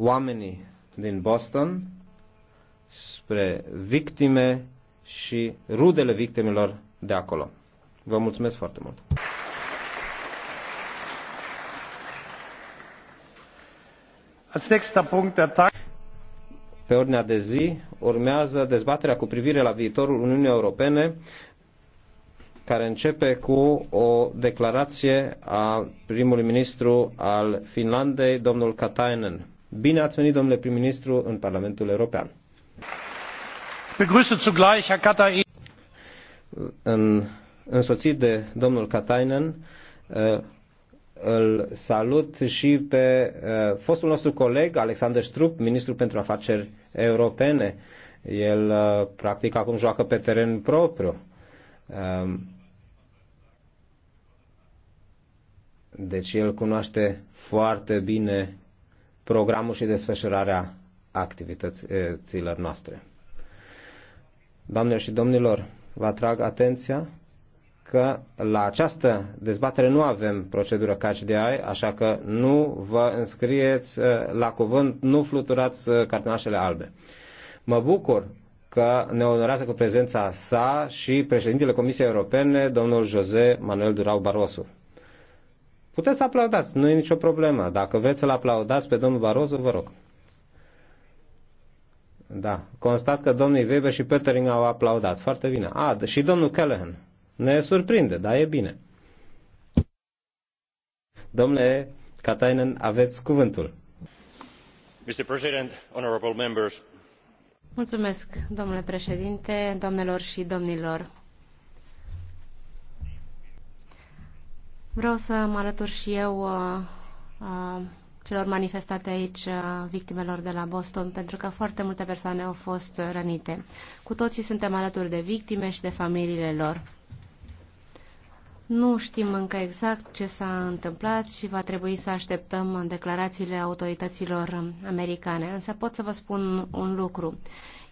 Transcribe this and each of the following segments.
oamenii din Boston spre victime și rudele victimelor de acolo. Vă mulțumesc foarte mult! Pe ordinea de zi urmează dezbaterea cu privire la viitorul Uniunii Europene, care începe cu o declarație a primului ministru al Finlandei, domnul Katainen. Bine ați venit, domnule prim-ministru, în Parlamentul European. Begrüße zugleich Herr Katainen. În, însoțit de domnul Katainen, uh, îl salut și pe uh, fostul nostru coleg, Alexander Strup, ministrul pentru afaceri europene. El, uh, practic, acum joacă pe teren propriu. Um, deci el cunoaște foarte bine programul și desfășurarea activităților noastre. Doamnelor și domnilor, vă atrag atenția că la această dezbatere nu avem procedură catch așa că nu vă înscrieți uh, la cuvânt, nu fluturați uh, cartonașele albe. Mă bucur că ne onorează cu prezența sa și președintele Comisiei Europene, domnul José Manuel Durau Barroso. Puteți să aplaudați, nu e nicio problemă. Dacă vreți să-l aplaudați pe domnul Barroso, vă rog. Da, constat că domnii Weber și Petering au aplaudat. Foarte bine. A, și domnul Callahan. Ne surprinde, dar e bine. Domnule Katainen, aveți cuvântul. Mr. President, honorable members. Mulțumesc, domnule președinte, domnilor și domnilor. Vreau să mă alătur și eu uh, uh, celor manifestate aici, uh, victimelor de la Boston, pentru că foarte multe persoane au fost rănite. Cu toții suntem alături de victime și de familiile lor. Nu știm încă exact ce s-a întâmplat și va trebui să așteptăm declarațiile autorităților americane. Însă pot să vă spun un lucru.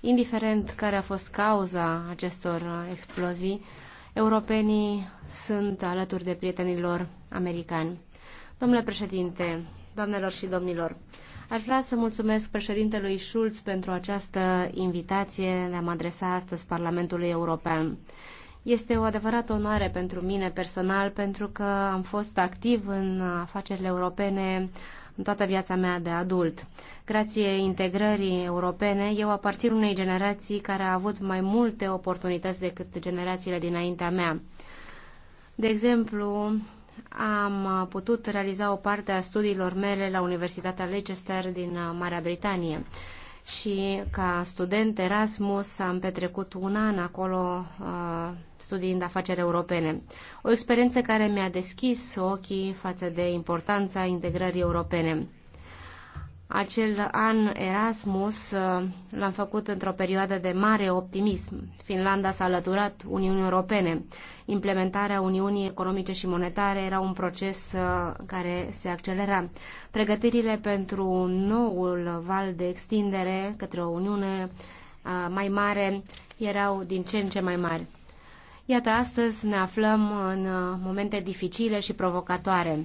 Indiferent care a fost cauza acestor uh, explozii, europenii sunt alături de prietenilor americani. Domnule președinte, doamnelor și domnilor, aș vrea să mulțumesc președintelui Schulz pentru această invitație de a mă adresa astăzi Parlamentului European. Este o adevărată onoare pentru mine personal pentru că am fost activ în afacerile europene în toată viața mea de adult. Grație integrării europene, eu aparțin unei generații care a avut mai multe oportunități decât generațiile dinaintea mea. De exemplu, am putut realiza o parte a studiilor mele la Universitatea Leicester din Marea Britanie și ca student Erasmus am petrecut un an acolo uh, studiind afaceri europene. O experiență care mi-a deschis ochii față de importanța integrării europene. Acel an Erasmus uh, l-am făcut într-o perioadă de mare optimism. Finlanda s-a alăturat Uniunii Europene. Implementarea Uniunii Economice și Monetare era un proces uh, care se accelera. Pregătirile pentru noul val de extindere către o Uniune uh, mai mare erau din ce în ce mai mari. Iată, astăzi ne aflăm în momente dificile și provocatoare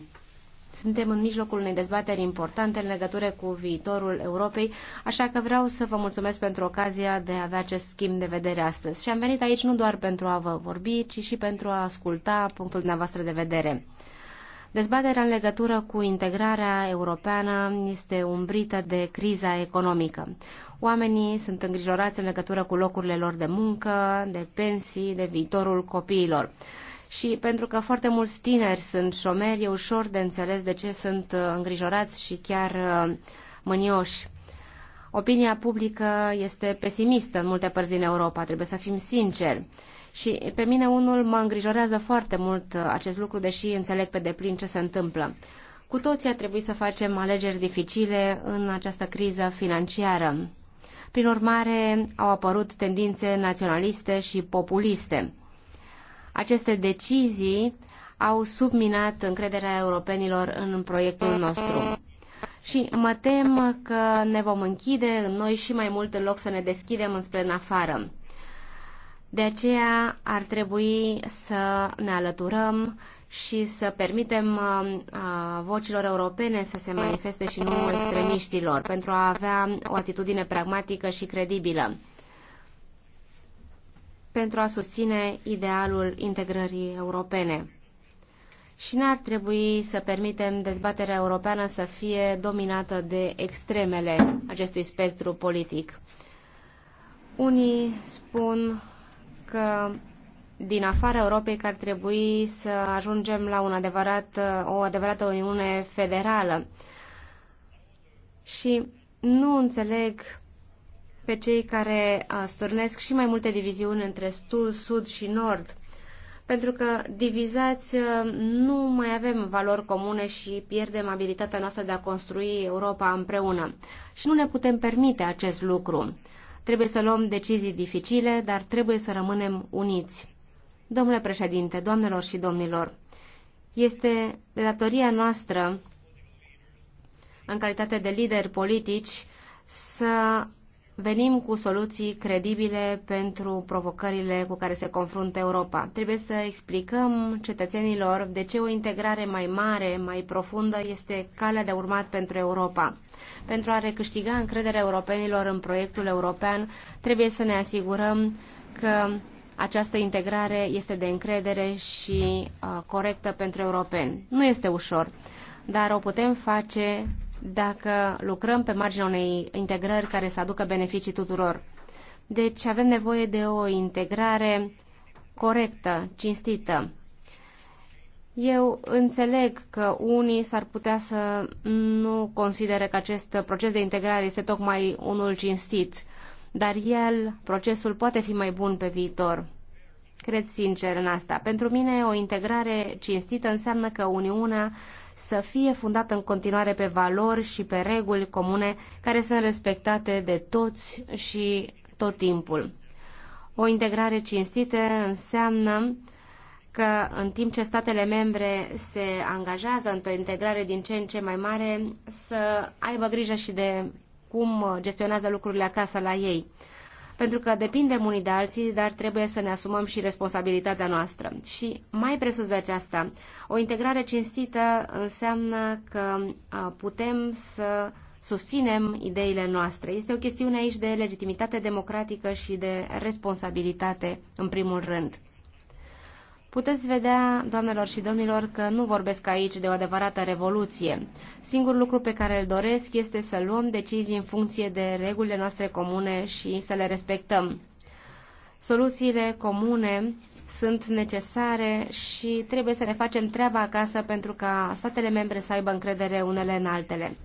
suntem în mijlocul unei dezbateri importante în legătură cu viitorul Europei, așa că vreau să vă mulțumesc pentru ocazia de a avea acest schimb de vedere astăzi. Și am venit aici nu doar pentru a vă vorbi, ci și pentru a asculta punctul dumneavoastră de vedere. Dezbaterea în legătură cu integrarea europeană este umbrită de criza economică. Oamenii sunt îngrijorați în legătură cu locurile lor de muncă, de pensii, de viitorul copiilor și pentru că foarte mulți tineri sunt șomeri, e ușor de înțeles de ce sunt uh, îngrijorați și chiar uh, mânioși. Opinia publică este pesimistă în multe părți din Europa, trebuie să fim sinceri. Și pe mine unul mă îngrijorează foarte mult uh, acest lucru, deși înțeleg pe deplin ce se întâmplă. Cu toții a trebuit să facem alegeri dificile în această criză financiară. Prin urmare, au apărut tendințe naționaliste și populiste. Aceste decizii au subminat încrederea europenilor în proiectul nostru. Și mă tem că ne vom închide în noi și mai mult în loc să ne deschidem înspre în afară. De aceea ar trebui să ne alăturăm și să permitem uh, uh, vocilor europene să se manifeste și nu extremiștilor, pentru a avea o atitudine pragmatică și credibilă pentru a susține idealul integrării europene. Și n-ar trebui să permitem dezbaterea europeană să fie dominată de extremele acestui spectru politic. Unii spun că din afara Europei că ar trebui să ajungem la un adevărat, o adevărată Uniune Federală. Și nu înțeleg pe cei care stârnesc și mai multe diviziuni între sud și nord pentru că divizați nu mai avem valori comune și pierdem abilitatea noastră de a construi Europa împreună. Și nu ne putem permite acest lucru. Trebuie să luăm decizii dificile, dar trebuie să rămânem uniți. Domnule președinte, doamnelor și domnilor, este de datoria noastră, în calitate de lideri politici, să venim cu soluții credibile pentru provocările cu care se confruntă Europa. Trebuie să explicăm cetățenilor de ce o integrare mai mare, mai profundă este calea de urmat pentru Europa. Pentru a recâștiga încrederea europenilor în proiectul european, trebuie să ne asigurăm că această integrare este de încredere și uh, corectă pentru europeni. Nu este ușor, dar o putem face dacă lucrăm pe marginea unei integrări care să aducă beneficii tuturor. Deci avem nevoie de o integrare corectă, cinstită. Eu înțeleg că unii s-ar putea să nu considere că acest proces de integrare este tocmai unul cinstit, dar el, procesul, poate fi mai bun pe viitor. Cred sincer în asta. Pentru mine, o integrare cinstită înseamnă că Uniunea să fie fundată în continuare pe valori și pe reguli comune care sunt respectate de toți și tot timpul. O integrare cinstită înseamnă că în timp ce statele membre se angajează într-o integrare din ce în ce mai mare, să aibă grijă și de cum gestionează lucrurile acasă la ei pentru că depindem unii de alții, dar trebuie să ne asumăm și responsabilitatea noastră. Și mai presus de aceasta, o integrare cinstită înseamnă că putem să susținem ideile noastre. Este o chestiune aici de legitimitate democratică și de responsabilitate, în primul rând. Puteți vedea, doamnelor și domnilor, că nu vorbesc aici de o adevărată revoluție. Singurul lucru pe care îl doresc este să luăm decizii în funcție de regulile noastre comune și să le respectăm. Soluțiile comune sunt necesare și trebuie să ne facem treaba acasă pentru ca statele membre să aibă încredere unele în altele.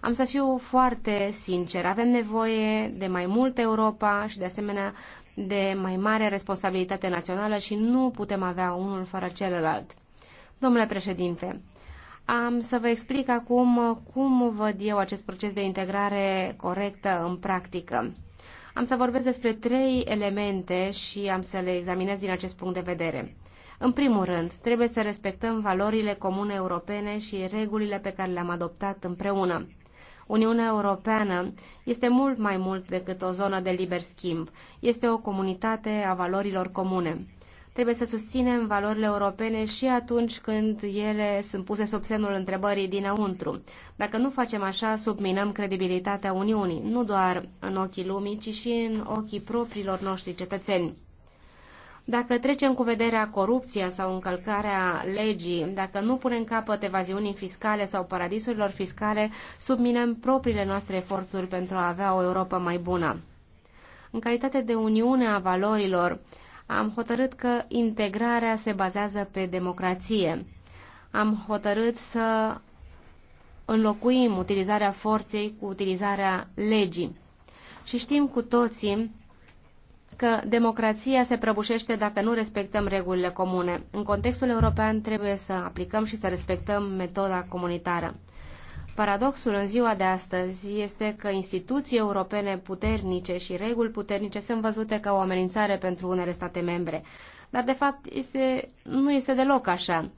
Am să fiu foarte sincer, avem nevoie de mai multă Europa și de asemenea de mai mare responsabilitate națională și nu putem avea unul fără celălalt. Domnule președinte, am să vă explic acum cum văd eu acest proces de integrare corectă în practică. Am să vorbesc despre trei elemente și am să le examinez din acest punct de vedere. În primul rând, trebuie să respectăm valorile comune europene și regulile pe care le-am adoptat împreună. Uniunea Europeană este mult mai mult decât o zonă de liber schimb. Este o comunitate a valorilor comune. Trebuie să susținem valorile europene și atunci când ele sunt puse sub semnul întrebării dinăuntru. Dacă nu facem așa, subminăm credibilitatea Uniunii, nu doar în ochii lumii, ci și în ochii propriilor noștri cetățeni. Dacă trecem cu vederea corupția sau încălcarea legii, dacă nu punem capăt evaziunii fiscale sau paradisurilor fiscale, subminăm propriile noastre eforturi pentru a avea o Europa mai bună. În calitate de Uniune a Valorilor, am hotărât că integrarea se bazează pe democrație. Am hotărât să înlocuim utilizarea forței cu utilizarea legii. Și știm cu toții că democrația se prăbușește dacă nu respectăm regulile comune. În contextul european trebuie să aplicăm și să respectăm metoda comunitară. Paradoxul în ziua de astăzi este că instituții europene puternice și reguli puternice sunt văzute ca o amenințare pentru unele state membre. Dar, de fapt, este, nu este deloc așa.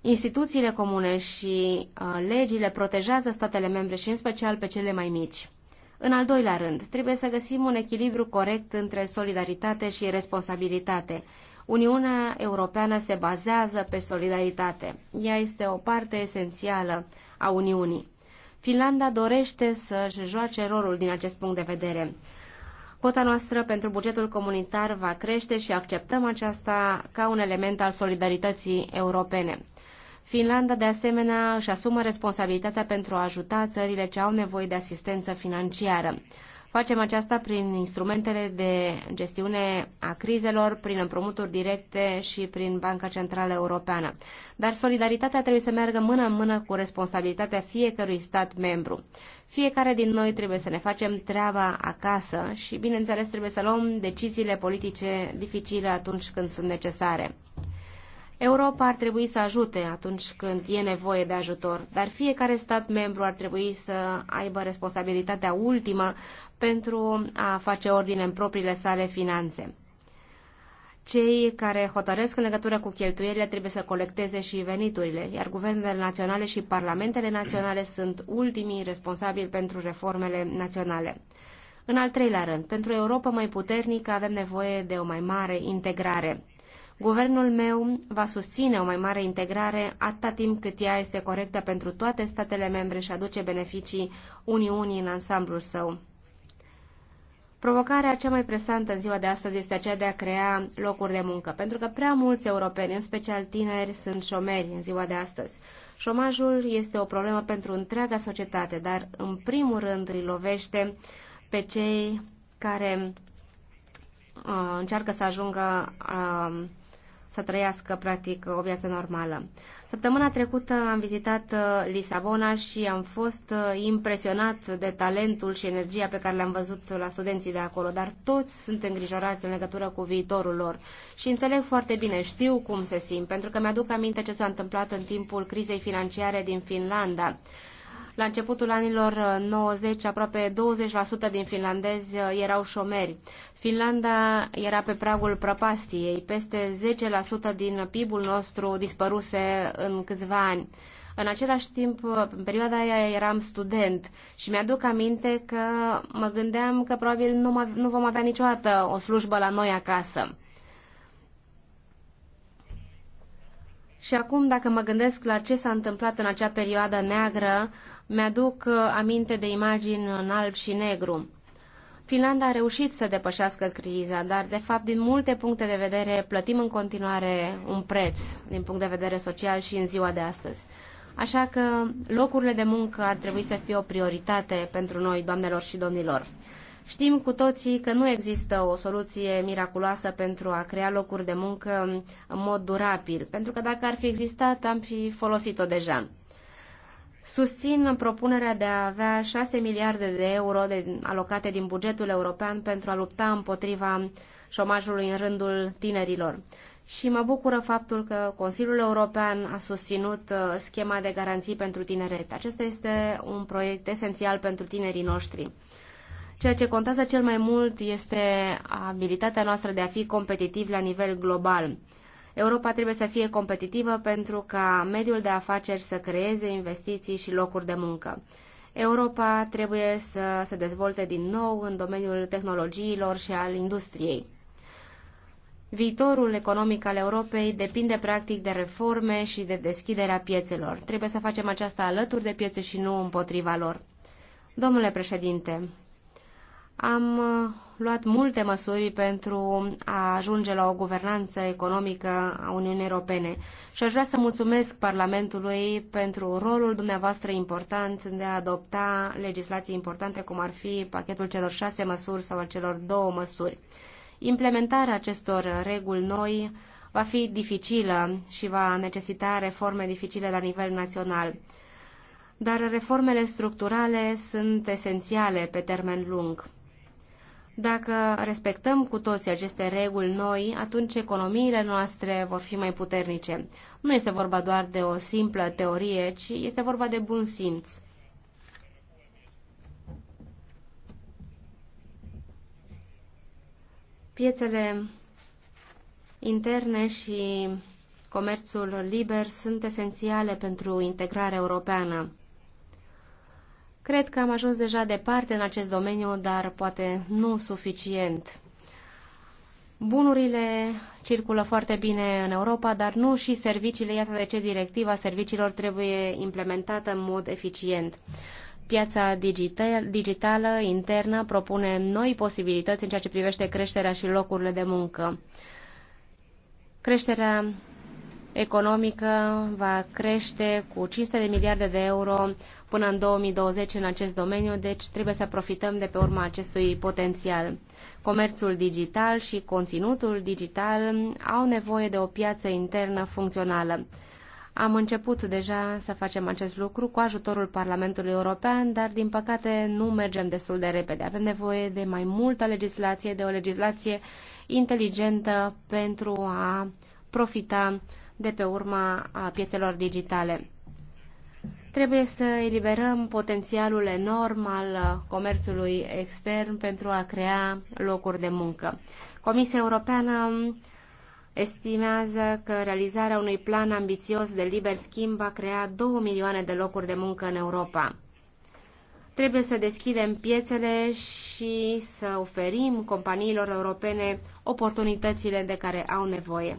Instituțiile comune și uh, legile protejează statele membre și, în special, pe cele mai mici. În al doilea rând, trebuie să găsim un echilibru corect între solidaritate și responsabilitate. Uniunea Europeană se bazează pe solidaritate. Ea este o parte esențială a Uniunii. Finlanda dorește să-și joace rolul din acest punct de vedere. Cota noastră pentru bugetul comunitar va crește și acceptăm aceasta ca un element al solidarității europene. Finlanda, de asemenea, își asumă responsabilitatea pentru a ajuta țările ce au nevoie de asistență financiară. Facem aceasta prin instrumentele de gestiune a crizelor, prin împrumuturi directe și prin Banca Centrală Europeană. Dar solidaritatea trebuie să meargă mână în mână cu responsabilitatea fiecărui stat membru. Fiecare din noi trebuie să ne facem treaba acasă și, bineînțeles, trebuie să luăm deciziile politice dificile atunci când sunt necesare. Europa ar trebui să ajute atunci când e nevoie de ajutor, dar fiecare stat membru ar trebui să aibă responsabilitatea ultimă pentru a face ordine în propriile sale finanțe. Cei care hotăresc în legătură cu cheltuielile trebuie să colecteze și veniturile, iar guvernele naționale și parlamentele naționale sunt ultimii responsabili pentru reformele naționale. În al treilea rând, pentru Europa mai puternică avem nevoie de o mai mare integrare. Guvernul meu va susține o mai mare integrare atâta timp cât ea este corectă pentru toate statele membre și aduce beneficii Uniunii în ansamblul său. Provocarea cea mai presantă în ziua de astăzi este aceea de a crea locuri de muncă, pentru că prea mulți europeni, în special tineri, sunt șomeri în ziua de astăzi. Șomajul este o problemă pentru întreaga societate, dar în primul rând îi lovește pe cei care uh, încearcă să ajungă uh, să trăiască practic o viață normală. Săptămâna trecută am vizitat uh, Lisabona și am fost uh, impresionat de talentul și energia pe care le-am văzut la studenții de acolo, dar toți sunt îngrijorați în legătură cu viitorul lor și înțeleg foarte bine, știu cum se simt, pentru că mi-aduc aminte ce s-a întâmplat în timpul crizei financiare din Finlanda la începutul anilor 90, uh, aproape 20% din finlandezi uh, erau șomeri. Finlanda era pe pragul prăpastiei. Peste 10% din PIB-ul nostru dispăruse în câțiva ani. În același timp, uh, în perioada aia eram student și mi-aduc aminte că mă gândeam că probabil nu, nu vom avea niciodată o slujbă la noi acasă. Și acum, dacă mă gândesc la ce s-a întâmplat în acea perioadă neagră, mi-aduc uh, aminte de imagini în alb și negru. Finlanda a reușit să depășească criza, dar de fapt din multe puncte de vedere plătim în continuare un preț din punct de vedere social și în ziua de astăzi. Așa că locurile de muncă ar trebui să fie o prioritate pentru noi, doamnelor și domnilor. Știm cu toții că nu există o soluție miraculoasă pentru a crea locuri de muncă în mod durabil, pentru că dacă ar fi existat, am fi folosit-o deja. Susțin propunerea de a avea 6 miliarde de euro de, alocate din bugetul european pentru a lupta împotriva șomajului în rândul tinerilor. Și mă bucură faptul că Consiliul European a susținut uh, schema de garanții pentru tineret. Acesta este un proiect esențial pentru tinerii noștri. Ceea ce contează cel mai mult este abilitatea noastră de a fi competitiv la nivel global. Europa trebuie să fie competitivă pentru ca mediul de afaceri să creeze investiții și locuri de muncă. Europa trebuie să se dezvolte din nou în domeniul tehnologiilor și al industriei. Viitorul economic al Europei depinde practic de reforme și de deschiderea piețelor. Trebuie să facem aceasta alături de piețe și nu împotriva lor. Domnule președinte, am uh, luat multe măsuri pentru a ajunge la o guvernanță economică a Uniunii Europene și aș vrea să mulțumesc Parlamentului pentru rolul dumneavoastră important de a adopta legislații importante, cum ar fi pachetul celor șase măsuri sau al celor două măsuri. Implementarea acestor reguli noi va fi dificilă și va necesita reforme dificile la nivel național dar reformele structurale sunt esențiale pe termen lung. Dacă respectăm cu toții aceste reguli noi, atunci economiile noastre vor fi mai puternice. Nu este vorba doar de o simplă teorie, ci este vorba de bun simț. Piețele interne și comerțul liber sunt esențiale pentru integrarea europeană. Cred că am ajuns deja departe în acest domeniu, dar poate nu suficient. Bunurile circulă foarte bine în Europa, dar nu și serviciile. Iată de ce directiva serviciilor trebuie implementată în mod eficient. Piața digital, digitală internă propune noi posibilități în ceea ce privește creșterea și locurile de muncă. Creșterea economică va crește cu 500 de miliarde de euro până în 2020 în acest domeniu, deci trebuie să profităm de pe urma acestui potențial. Comerțul digital și conținutul digital au nevoie de o piață internă funcțională. Am început deja să facem acest lucru cu ajutorul Parlamentului European, dar din păcate nu mergem destul de repede. Avem nevoie de mai multă legislație, de o legislație inteligentă pentru a profita de pe urma a piețelor digitale. Trebuie să eliberăm potențialul enorm al comerțului extern pentru a crea locuri de muncă. Comisia Europeană estimează că realizarea unui plan ambițios de liber schimb va crea 2 milioane de locuri de muncă în Europa. Trebuie să deschidem piețele și să oferim companiilor europene oportunitățile de care au nevoie.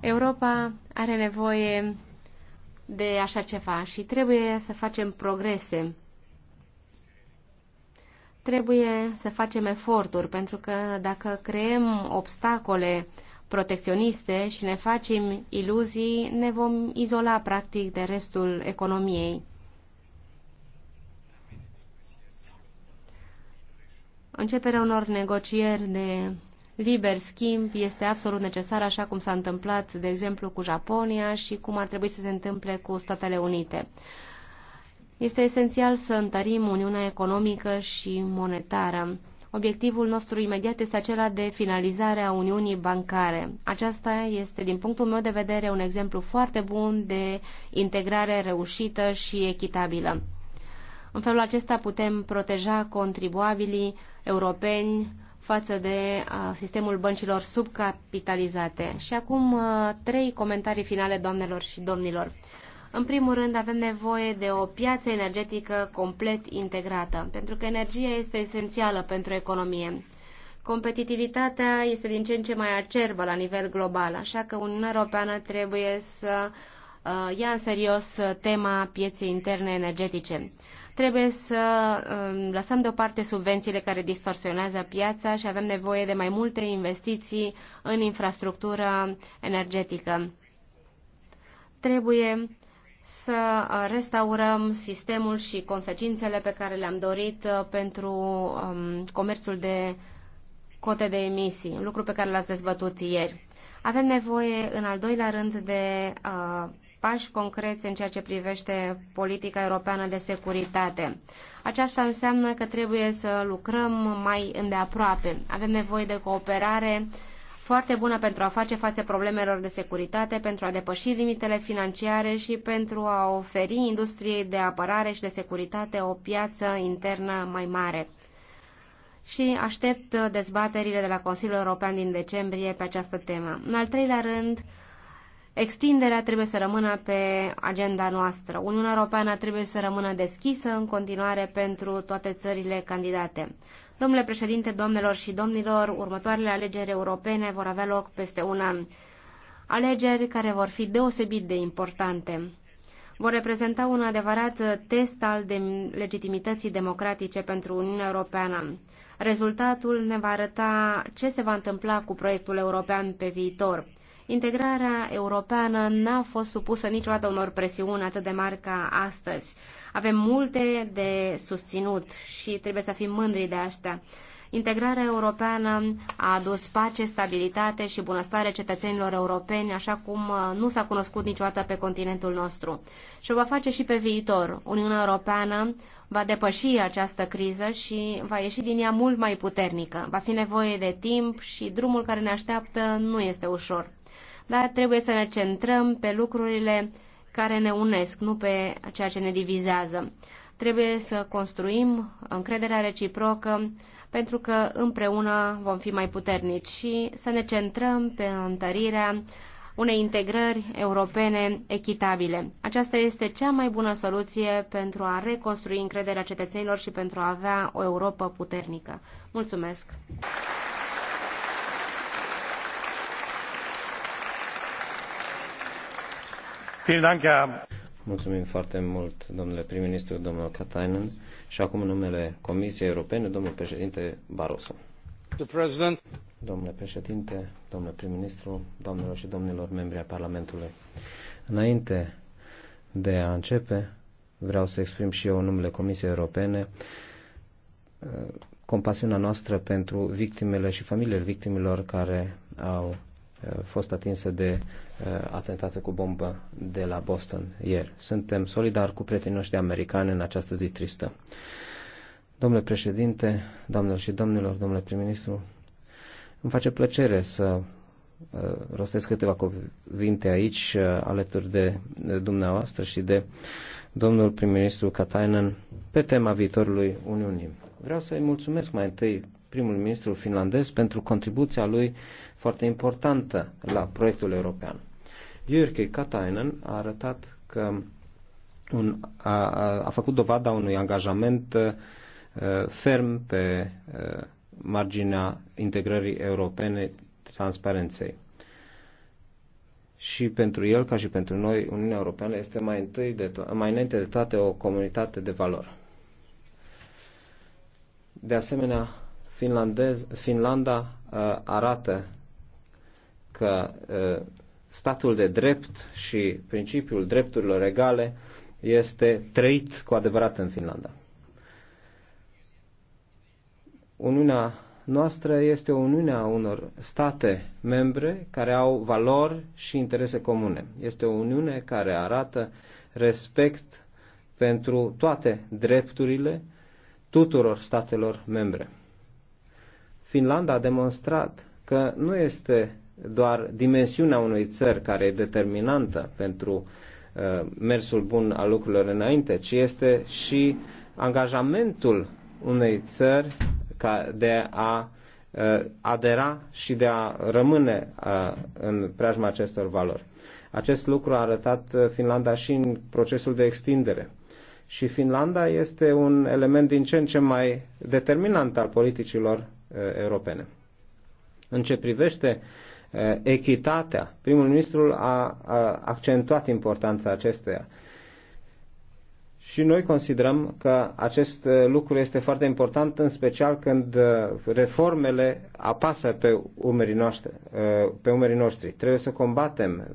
Europa are nevoie de așa ceva și trebuie să facem progrese. Trebuie să facem eforturi, pentru că dacă creăm obstacole protecționiste și ne facem iluzii, ne vom izola practic de restul economiei. Începerea unor negocieri de liber schimb este absolut necesar, așa cum s-a întâmplat, de exemplu, cu Japonia și cum ar trebui să se întâmple cu Statele Unite. Este esențial să întărim Uniunea Economică și Monetară. Obiectivul nostru imediat este acela de finalizare a Uniunii Bancare. Aceasta este, din punctul meu de vedere, un exemplu foarte bun de integrare reușită și echitabilă. În felul acesta putem proteja contribuabilii europeni, față de sistemul băncilor subcapitalizate. Și acum trei comentarii finale, doamnelor și domnilor. În primul rând, avem nevoie de o piață energetică complet integrată, pentru că energia este esențială pentru economie. Competitivitatea este din ce în ce mai acerbă la nivel global, așa că Uniunea Europeană trebuie să ia în serios tema pieței interne energetice. Trebuie să um, lăsăm deoparte subvențiile care distorsionează piața și avem nevoie de mai multe investiții în infrastructură energetică. Trebuie să restaurăm sistemul și consecințele pe care le-am dorit uh, pentru um, comerțul de cote de emisii, lucru pe care l-ați dezbătut ieri. Avem nevoie, în al doilea rând, de uh, pași concreți în ceea ce privește politica europeană de securitate. Aceasta înseamnă că trebuie să lucrăm mai îndeaproape. Avem nevoie de cooperare foarte bună pentru a face față problemelor de securitate, pentru a depăși limitele financiare și pentru a oferi industriei de apărare și de securitate o piață internă mai mare. Și aștept dezbaterile de la Consiliul European din decembrie pe această temă. În al treilea rând, Extinderea trebuie să rămână pe agenda noastră. Uniunea Europeană trebuie să rămână deschisă în continuare pentru toate țările candidate. Domnule președinte, domnilor și domnilor, următoarele alegeri europene vor avea loc peste un an. Alegeri care vor fi deosebit de importante. Vor reprezenta un adevărat test al de legitimității democratice pentru Uniunea Europeană. Rezultatul ne va arăta ce se va întâmpla cu proiectul european pe viitor. Integrarea europeană n-a fost supusă niciodată unor presiuni atât de mari ca astăzi. Avem multe de susținut și trebuie să fim mândri de asta. Integrarea europeană a adus pace, stabilitate și bunăstare cetățenilor europeni, așa cum uh, nu s-a cunoscut niciodată pe continentul nostru. Și o va face și pe viitor. Uniunea Europeană va depăși această criză și va ieși din ea mult mai puternică. Va fi nevoie de timp și drumul care ne așteaptă nu este ușor. Dar trebuie să ne centrăm pe lucrurile care ne unesc, nu pe ceea ce ne divizează. Trebuie să construim încrederea reciprocă, pentru că împreună vom fi mai puternici și să ne centrăm pe întărirea unei integrări europene echitabile. Aceasta este cea mai bună soluție pentru a reconstrui încrederea cetățenilor și pentru a avea o Europa puternică. Mulțumesc! Mulțumim foarte mult, domnule prim-ministru, domnul Katainen. Și acum în numele Comisiei Europene, domnul președinte Barroso. Domnule președinte, domnule prim-ministru, domnilor și domnilor membri ai Parlamentului. Înainte de a începe, vreau să exprim și eu în numele Comisiei Europene eh, compasiunea noastră pentru victimele și familiile victimilor care au Uh, fost atinsă de uh, atentată cu bombă de la Boston ieri. Suntem solidari cu prietenii noștri americani în această zi tristă. Domnule președinte, doamnelor și domnilor, domnule prim-ministru, îmi face plăcere să uh, rostesc câteva cuvinte aici alături de dumneavoastră și de domnul prim-ministru Katainen pe tema viitorului Uniunii. Vreau să-i mulțumesc mai întâi primul ministru finlandez pentru contribuția lui foarte importantă la proiectul european. Jyrki Katainen a arătat că un, a, a, a făcut dovada unui angajament uh, ferm pe uh, marginea integrării europene transparenței. Și pentru el, ca și pentru noi, Uniunea Europeană este mai, întâi de to- mai înainte de toate o comunitate de valori. De asemenea, Finlandez, Finlanda uh, arată că uh, statul de drept și principiul drepturilor egale este trăit cu adevărat în Finlanda. Uniunea noastră este o a unor state membre care au valori și interese comune. Este o uniune care arată respect pentru toate drepturile tuturor statelor membre. Finlanda a demonstrat că nu este doar dimensiunea unei țări care e determinantă pentru uh, mersul bun al lucrurilor înainte, ci este și angajamentul unei țări ca de a uh, adera și de a rămâne uh, în preajma acestor valori. Acest lucru a arătat Finlanda și în procesul de extindere. Și Finlanda este un element din ce în ce mai determinant al politicilor Uh, europene. În ce privește uh, echitatea, primul ministru a accentuat importanța acesteia. Și noi considerăm că acest uh, lucru este foarte important, în special când reformele apasă pe umerii noștri. Pe umerii noștri. Trebuie să combatem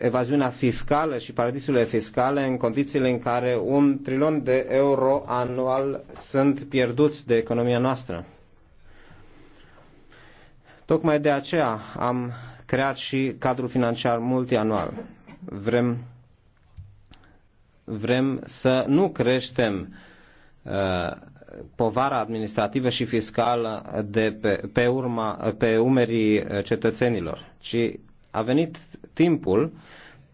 evaziunea fiscală și paradisurile fiscale în condițiile în care un trilion de euro anual sunt pierduți de economia noastră. Tocmai de aceea am creat și cadrul financiar multianual. Vrem, vrem să nu creștem uh, povara administrativă și fiscală de pe, pe, urma, pe umerii uh, cetățenilor, ci a venit timpul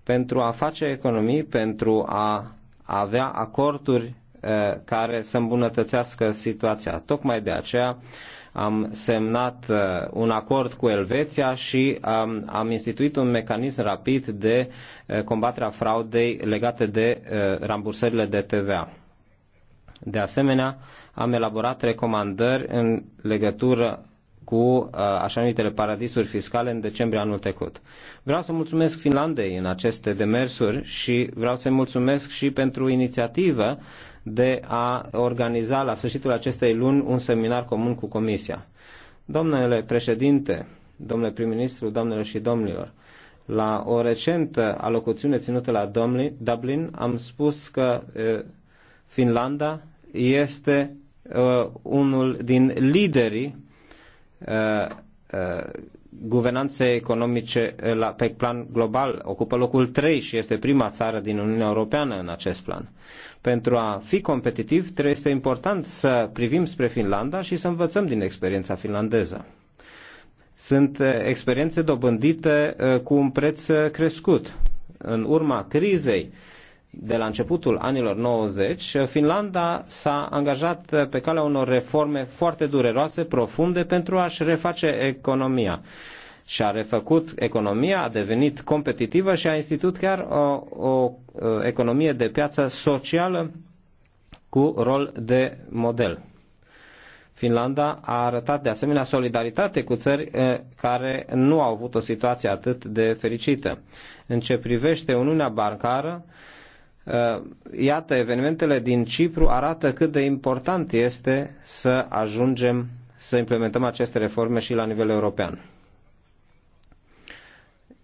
pentru a face economii, pentru a avea acorduri eh, care să îmbunătățească situația. Tocmai de aceea am semnat eh, un acord cu Elveția și am, am instituit un mecanism rapid de eh, combaterea fraudei legate de rambursările de TVA. De asemenea, am elaborat recomandări în legătură cu uh, așa numitele paradisuri fiscale în decembrie anul trecut. Vreau să mulțumesc Finlandei în aceste demersuri și vreau să-i mulțumesc și pentru inițiativă de a organiza la sfârșitul acestei luni un seminar comun cu Comisia. Domnule președinte, domnule prim-ministru, doamnelor și domnilor, la o recentă alocuțiune ținută la Dublin am spus că uh, Finlanda este uh, unul din liderii Uh, uh, guvernanțe economice uh, la, pe plan global ocupă locul 3 și este prima țară din Uniunea Europeană în acest plan. Pentru a fi competitiv, este important să privim spre Finlanda și să învățăm din experiența finlandeză. Sunt experiențe dobândite cu un preț crescut. În urma crizei, de la începutul anilor 90, Finlanda s-a angajat pe calea unor reforme foarte dureroase, profunde, pentru a-și reface economia. Și a refăcut economia, a devenit competitivă și a institut chiar o, o economie de piață socială cu rol de model. Finlanda a arătat de asemenea solidaritate cu țări care nu au avut o situație atât de fericită. În ce privește Uniunea Bancară, Uh, iată, evenimentele din Cipru arată cât de important este să ajungem să implementăm aceste reforme și la nivel european.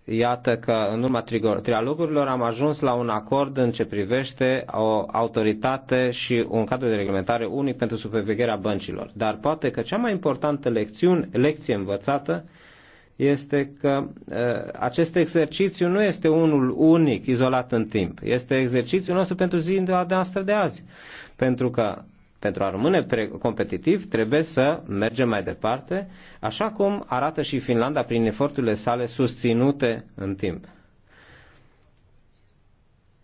Iată că în urma trialogurilor am ajuns la un acord în ce privește o autoritate și un cadru de reglementare unic pentru supravegherea băncilor. Dar poate că cea mai importantă lecțiune, lecție învățată este că uh, acest exercițiu nu este unul unic, izolat în timp. Este exercițiul nostru pentru ziua noastră de azi. Pentru că pentru a rămâne competitiv, trebuie să mergem mai departe, așa cum arată și Finlanda prin eforturile sale susținute în timp.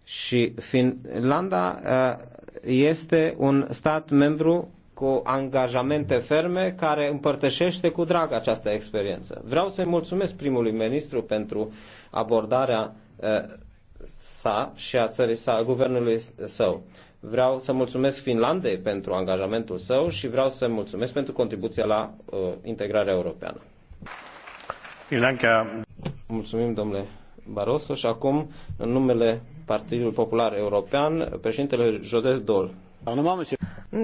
Și Finlanda uh, este un stat membru cu angajamente ferme care împărtășește cu drag această experiență. Vreau să-i mulțumesc primului ministru pentru abordarea sa și a țării sa, guvernului său. Vreau să mulțumesc Finlandei pentru angajamentul său și vreau să mulțumesc pentru contribuția la uh, integrarea europeană. Finlandia. Mulțumim, domnule Barroso. Și acum, în numele Partidului Popular European, președintele Jodet Dol. Domnul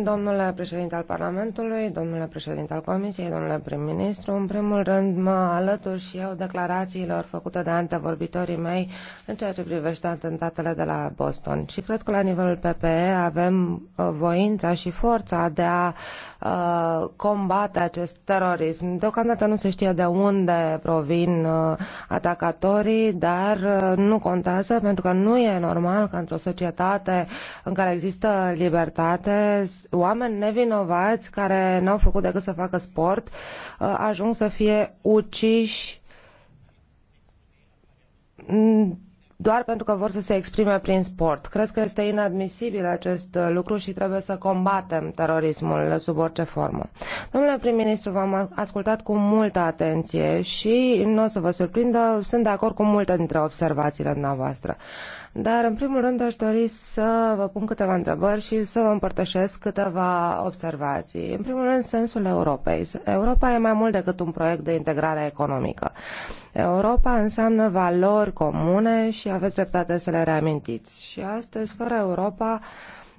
Domnule președinte al Parlamentului, domnule președinte al Comisiei, domnule prim-ministru, în primul rând mă alătur și eu declarațiilor făcute de antevorbitorii mei în ceea ce privește atentatele de la Boston. Și cred că la nivelul PPE avem uh, voința și forța de a Uh, combate acest terorism. Deocamdată nu se știe de unde provin uh, atacatorii, dar uh, nu contează pentru că nu e normal ca într-o societate în care există libertate, oameni nevinovați care n-au făcut decât să facă sport ajung să fie uciși mm, doar pentru că vor să se exprime prin sport. Cred că este inadmisibil acest lucru și trebuie să combatem terorismul sub orice formă. Domnule prim-ministru, v-am ascultat cu multă atenție și nu o să vă surprindă, sunt de acord cu multe dintre observațiile dumneavoastră. Dar, în primul rând, aș dori să vă pun câteva întrebări și să vă împărtășesc câteva observații. În primul rând, sensul Europei. Europa e mai mult decât un proiect de integrare economică. Europa înseamnă valori comune și aveți dreptate să le reamintiți. Și astăzi, fără Europa,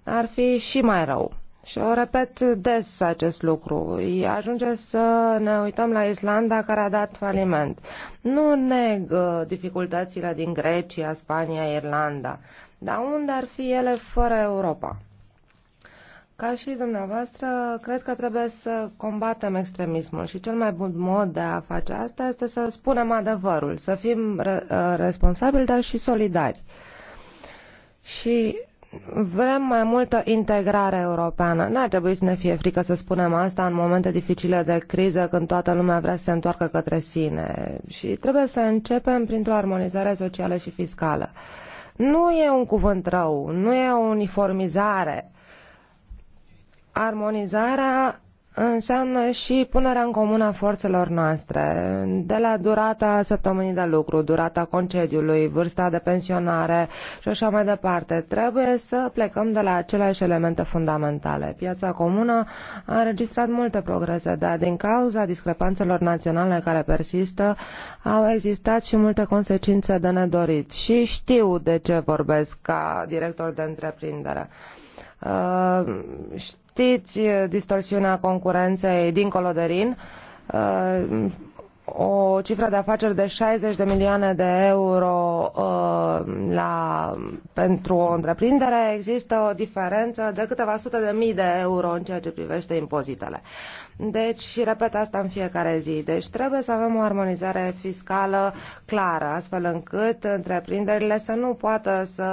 ar fi și mai rău. Și o repet des acest lucru. Ajunge să ne uităm la Islanda care a dat faliment. Nu neg uh, dificultățile din Grecia, Spania, Irlanda, dar unde ar fi ele fără Europa? Ca și dumneavoastră, cred că trebuie să combatem extremismul și cel mai bun mod de a face asta este să spunem adevărul, să fim re- uh, responsabili, dar și solidari. Și Vrem mai multă integrare europeană. Nu ar trebui să ne fie frică să spunem asta în momente dificile de criză, când toată lumea vrea să se întoarcă către sine. Și trebuie să începem printr-o armonizare socială și fiscală. Nu e un cuvânt rău, nu e o uniformizare. Armonizarea înseamnă și punerea în comun a forțelor noastre, de la durata săptămânii de lucru, durata concediului, vârsta de pensionare și așa mai departe. Trebuie să plecăm de la aceleași elemente fundamentale. Piața comună a înregistrat multe progrese, dar din cauza discrepanțelor naționale care persistă, au existat și multe consecințe de nedorit. Și știu de ce vorbesc ca director de întreprindere. Uh, știți distorsiunea concurenței dincolo de RIN o cifră de afaceri de 60 de milioane de euro uh, la, pentru o întreprindere, există o diferență de câteva sute de mii de euro în ceea ce privește impozitele. Deci, și repet asta în fiecare zi, deci trebuie să avem o armonizare fiscală clară, astfel încât întreprinderile să nu poată să,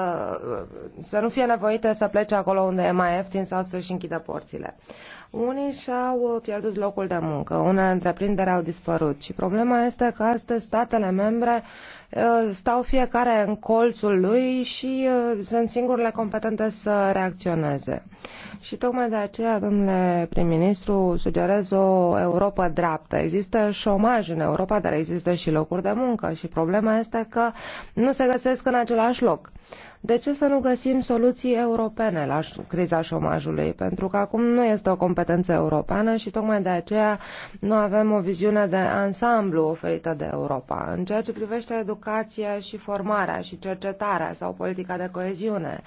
să nu fie nevoite să plece acolo unde e mai ieftin sau să-și închidă porțile. Uh, unii și-au uh, pierdut locul de muncă, unele întreprinderi au dispărut și problema este că astăzi statele membre uh, stau fiecare în colțul lui și uh, sunt singurile competente să reacționeze. Și tocmai de aceea, domnule prim-ministru, sugerez o Europa dreaptă. Există șomaj în Europa, dar există și locuri de muncă și problema este că nu se găsesc în același loc. De ce să nu găsim soluții europene la criza șomajului? Pentru că acum nu este o competență europeană și tocmai de aceea nu avem o viziune de ansamblu oferită de Europa. În ceea ce privește educația și formarea și cercetarea sau politica de coeziune,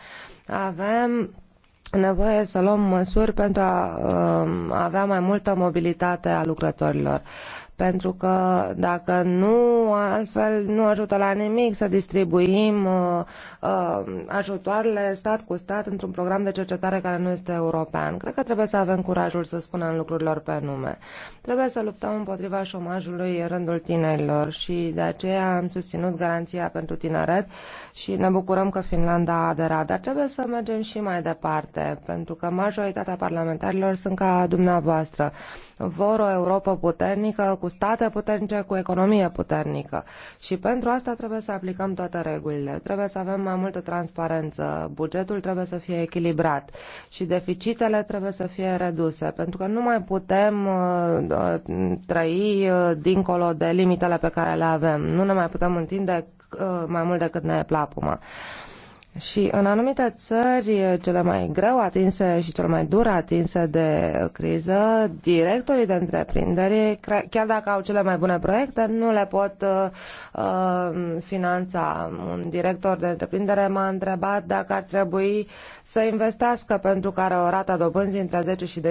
avem nevoie să luăm măsuri pentru a um, avea mai multă mobilitate a lucrătorilor pentru că dacă nu, altfel nu ajută la nimic să distribuim uh, uh, ajutoarele stat cu stat într-un program de cercetare care nu este european. Cred că trebuie să avem curajul să spunem lucrurilor pe nume. Trebuie să luptăm împotriva șomajului în rândul tinerilor și de aceea am susținut garanția pentru tineret și ne bucurăm că Finlanda a aderat, dar trebuie să mergem și mai departe, pentru că majoritatea parlamentarilor sunt ca dumneavoastră. Vor o Europa puternică cu cu state puternice, cu economie puternică. Și pentru asta trebuie să aplicăm toate regulile. Trebuie să avem mai multă transparență. Bugetul trebuie să fie echilibrat și deficitele trebuie să fie reduse, pentru că nu mai putem uh, uh trăi uh, dincolo de limitele pe care le avem. Nu ne mai putem întinde uh, mai mult decât ne e plapuma. Uh, și în anumite țări, cele mai greu atinse și cele mai dur atinse de criză, directorii de întreprinderi, chiar dacă au cele mai bune proiecte, nu le pot uh, uh, finanța. Un director de întreprindere m-a întrebat dacă ar trebui să investească pentru că are o rată dobânzii între 10 și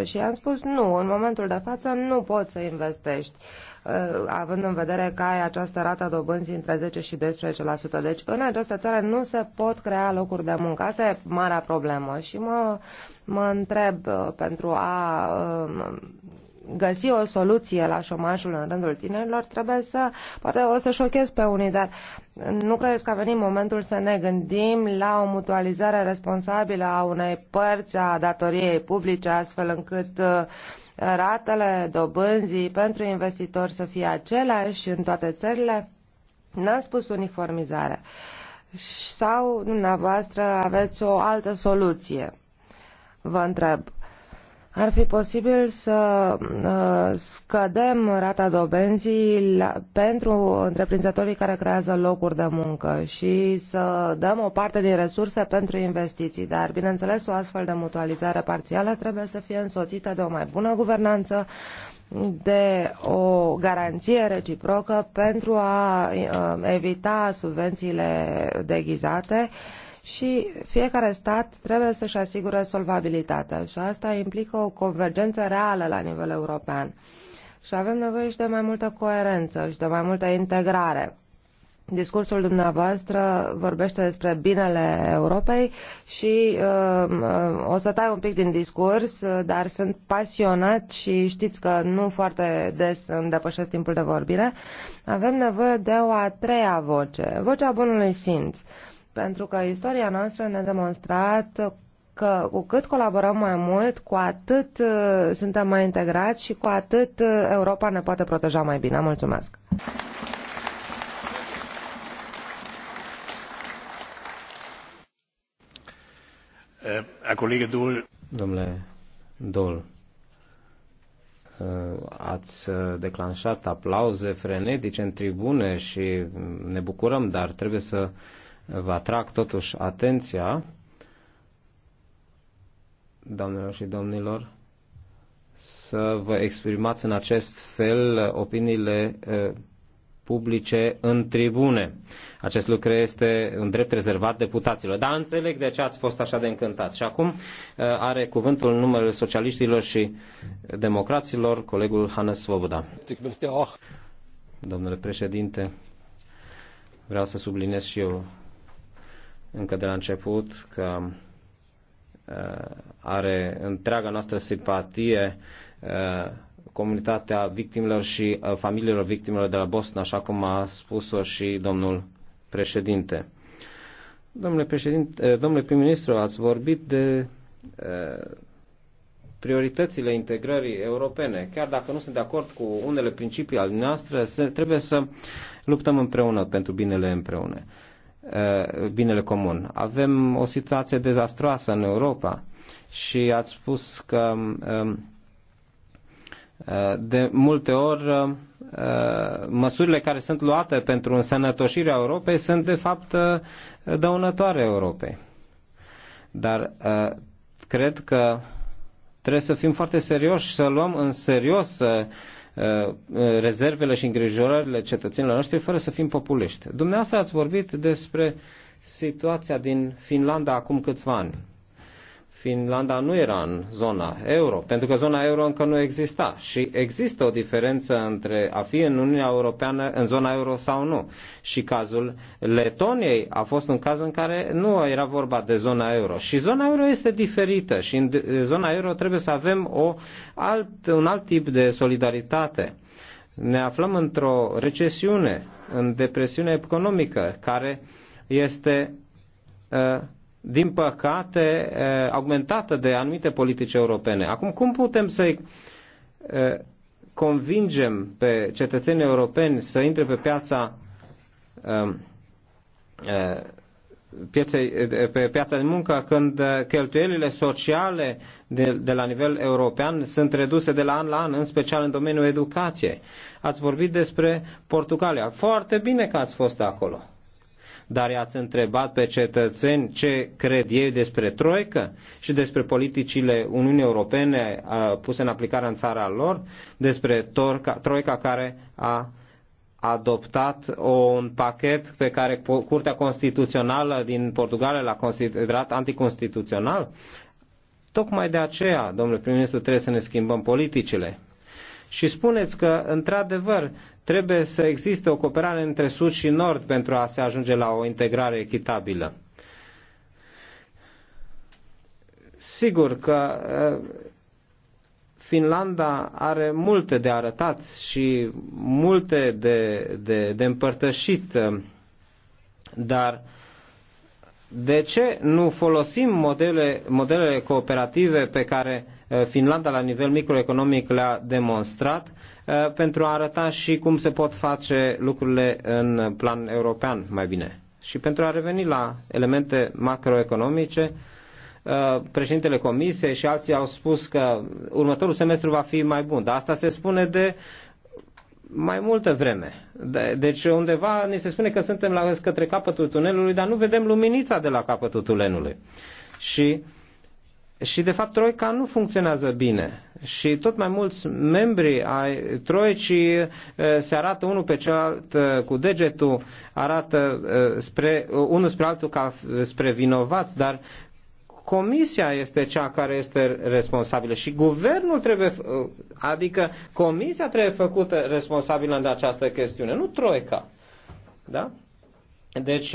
12% și am spus nu, în momentul de față nu poți să investești Uh, având în vedere că ai această rată dobânzii între 10 și 12%. Deci în această țară nu se pot crea locuri de muncă. Asta e marea problemă și mă, mă întreb uh, pentru a um, găsi o soluție la șomajul în rândul tinerilor, trebuie să, poate o să șochez pe unii, dar nu credeți că a venit momentul să ne gândim la o mutualizare responsabilă a unei părți a datoriei publice, astfel încât uh, ratele dobânzii pentru investitori să fie aceleași în toate țările? N-am spus uniformizare. Sau dumneavoastră aveți o altă soluție? Vă întreb ar fi posibil să uh, scădem rata dobenzii pentru întreprinzătorii care creează locuri de muncă și să dăm o parte din resurse pentru investiții. Dar, bineînțeles, o astfel de mutualizare parțială trebuie să fie însoțită de o mai bună guvernanță, de o garanție reciprocă pentru a uh, evita subvențiile deghizate uh, și fiecare stat trebuie să-și asigure solvabilitatea și asta implică o convergență reală la nivel european. Și avem nevoie și de mai multă coerență și de mai multă integrare. Discursul dumneavoastră vorbește despre binele Europei și uh, o să tai un pic din discurs, dar sunt pasionat și știți că nu foarte des îmi depășesc timpul de vorbire. Avem nevoie de o a treia voce, vocea bunului simț. Uh, pentru că istoria noastră ne-a demonstrat că cu cât colaborăm mai mult, cu atât uh, suntem mai integrați și cu atât uh, Europa ne poate proteja mai bine. Mulțumesc! Eh, colegă Dul. Domnule Dol, eh, ați eh, declanșat aplauze frenetice în tribune și ne bucurăm, dar trebuie să vă atrag totuși atenția, doamnelor și domnilor, să vă exprimați în acest fel opiniile publice în tribune. Acest lucru este un drept rezervat deputaților. Dar înțeleg de ce ați fost așa de încântați. Și acum are cuvântul numele socialiștilor și democraților colegul Hannes Svoboda. Domnule președinte, vreau să subliniez și eu încă de la început că uh, are întreaga noastră simpatie uh, comunitatea victimelor și uh, familiilor victimelor de la Boston, așa cum a spus-o și domnul președinte. Domnule, președinte, domnule prim-ministru, ați vorbit de prioritățile integrării europene. Chiar dacă nu sunt de acord cu unele principii ale noastre, trebuie să luptăm împreună pentru binele împreună. Uh, binele comun. Avem o situație dezastroasă în Europa și ați spus că um, uh, de multe ori uh, măsurile care sunt luate pentru însănătoșirea Europei sunt de fapt dăunătoare Europei. Dar cred că trebuie să fim foarte serioși, să luăm în serios Uh, uh, rezervele și îngrijorările cetățenilor noștri fără să fim populiști. Dumneavoastră ați vorbit despre situația din Finlanda acum câțiva ani. Finlanda nu era în zona euro, pentru că zona euro încă nu exista și există o diferență între a fi în Uniunea Europeană, în zona euro sau nu. Și cazul Letoniei a fost un caz în care nu era vorba de zona euro. Și zona euro este diferită și în zona euro trebuie să avem o alt, un alt tip de solidaritate. Ne aflăm într-o recesiune, în depresiune economică, care este uh, din păcate, augmentată de anumite politici europene. Acum, cum putem să-i convingem pe cetățenii europeni să intre pe piața pe piața de muncă când cheltuielile sociale de, de la nivel european sunt reduse de la an la an, în special în domeniul educației. Ați vorbit despre Portugalia. Foarte bine că ați fost acolo dar i-ați întrebat pe cetățeni ce cred ei despre Troică și despre politicile Uniunii Europene puse în aplicare în țara lor, despre Torca, Troica care a adoptat un pachet pe care Curtea Constituțională din Portugalia l-a considerat anticonstituțional? Tocmai de aceea, domnule prim-ministru, trebuie să ne schimbăm politicile și spuneți că, într-adevăr, trebuie să existe o cooperare între Sud și Nord pentru a se ajunge la o integrare echitabilă. Sigur că Finlanda are multe de arătat și multe de, de, de împărtășit, dar de ce nu folosim modele, modelele cooperative pe care uh, Eh, Finlanda la nivel microeconomic le-a demonstrat eh, pentru a arăta și cum se pot face lucrurile în plan european mai bine. Și pentru a reveni la elemente macroeconomice, eh, președintele Comisiei și alții au spus că următorul semestru va fi mai bun. Dar asta se spune de mai multă vreme. Deci undeva ni se spune că suntem la, către capătul tunelului, dar nu vedem luminița de la capătul tunelului. Și uh, și, de fapt, Troica nu funcționează bine. Și tot mai mulți membri ai Troicii uh, se arată unul pe celălalt uh, cu degetul, arată uh, spre, unul spre altul ca spre vinovați, dar Comisia este cea care este responsabilă și guvernul trebuie, adică Comisia trebuie făcută responsabilă de această chestiune, nu Troica. Da? Deci,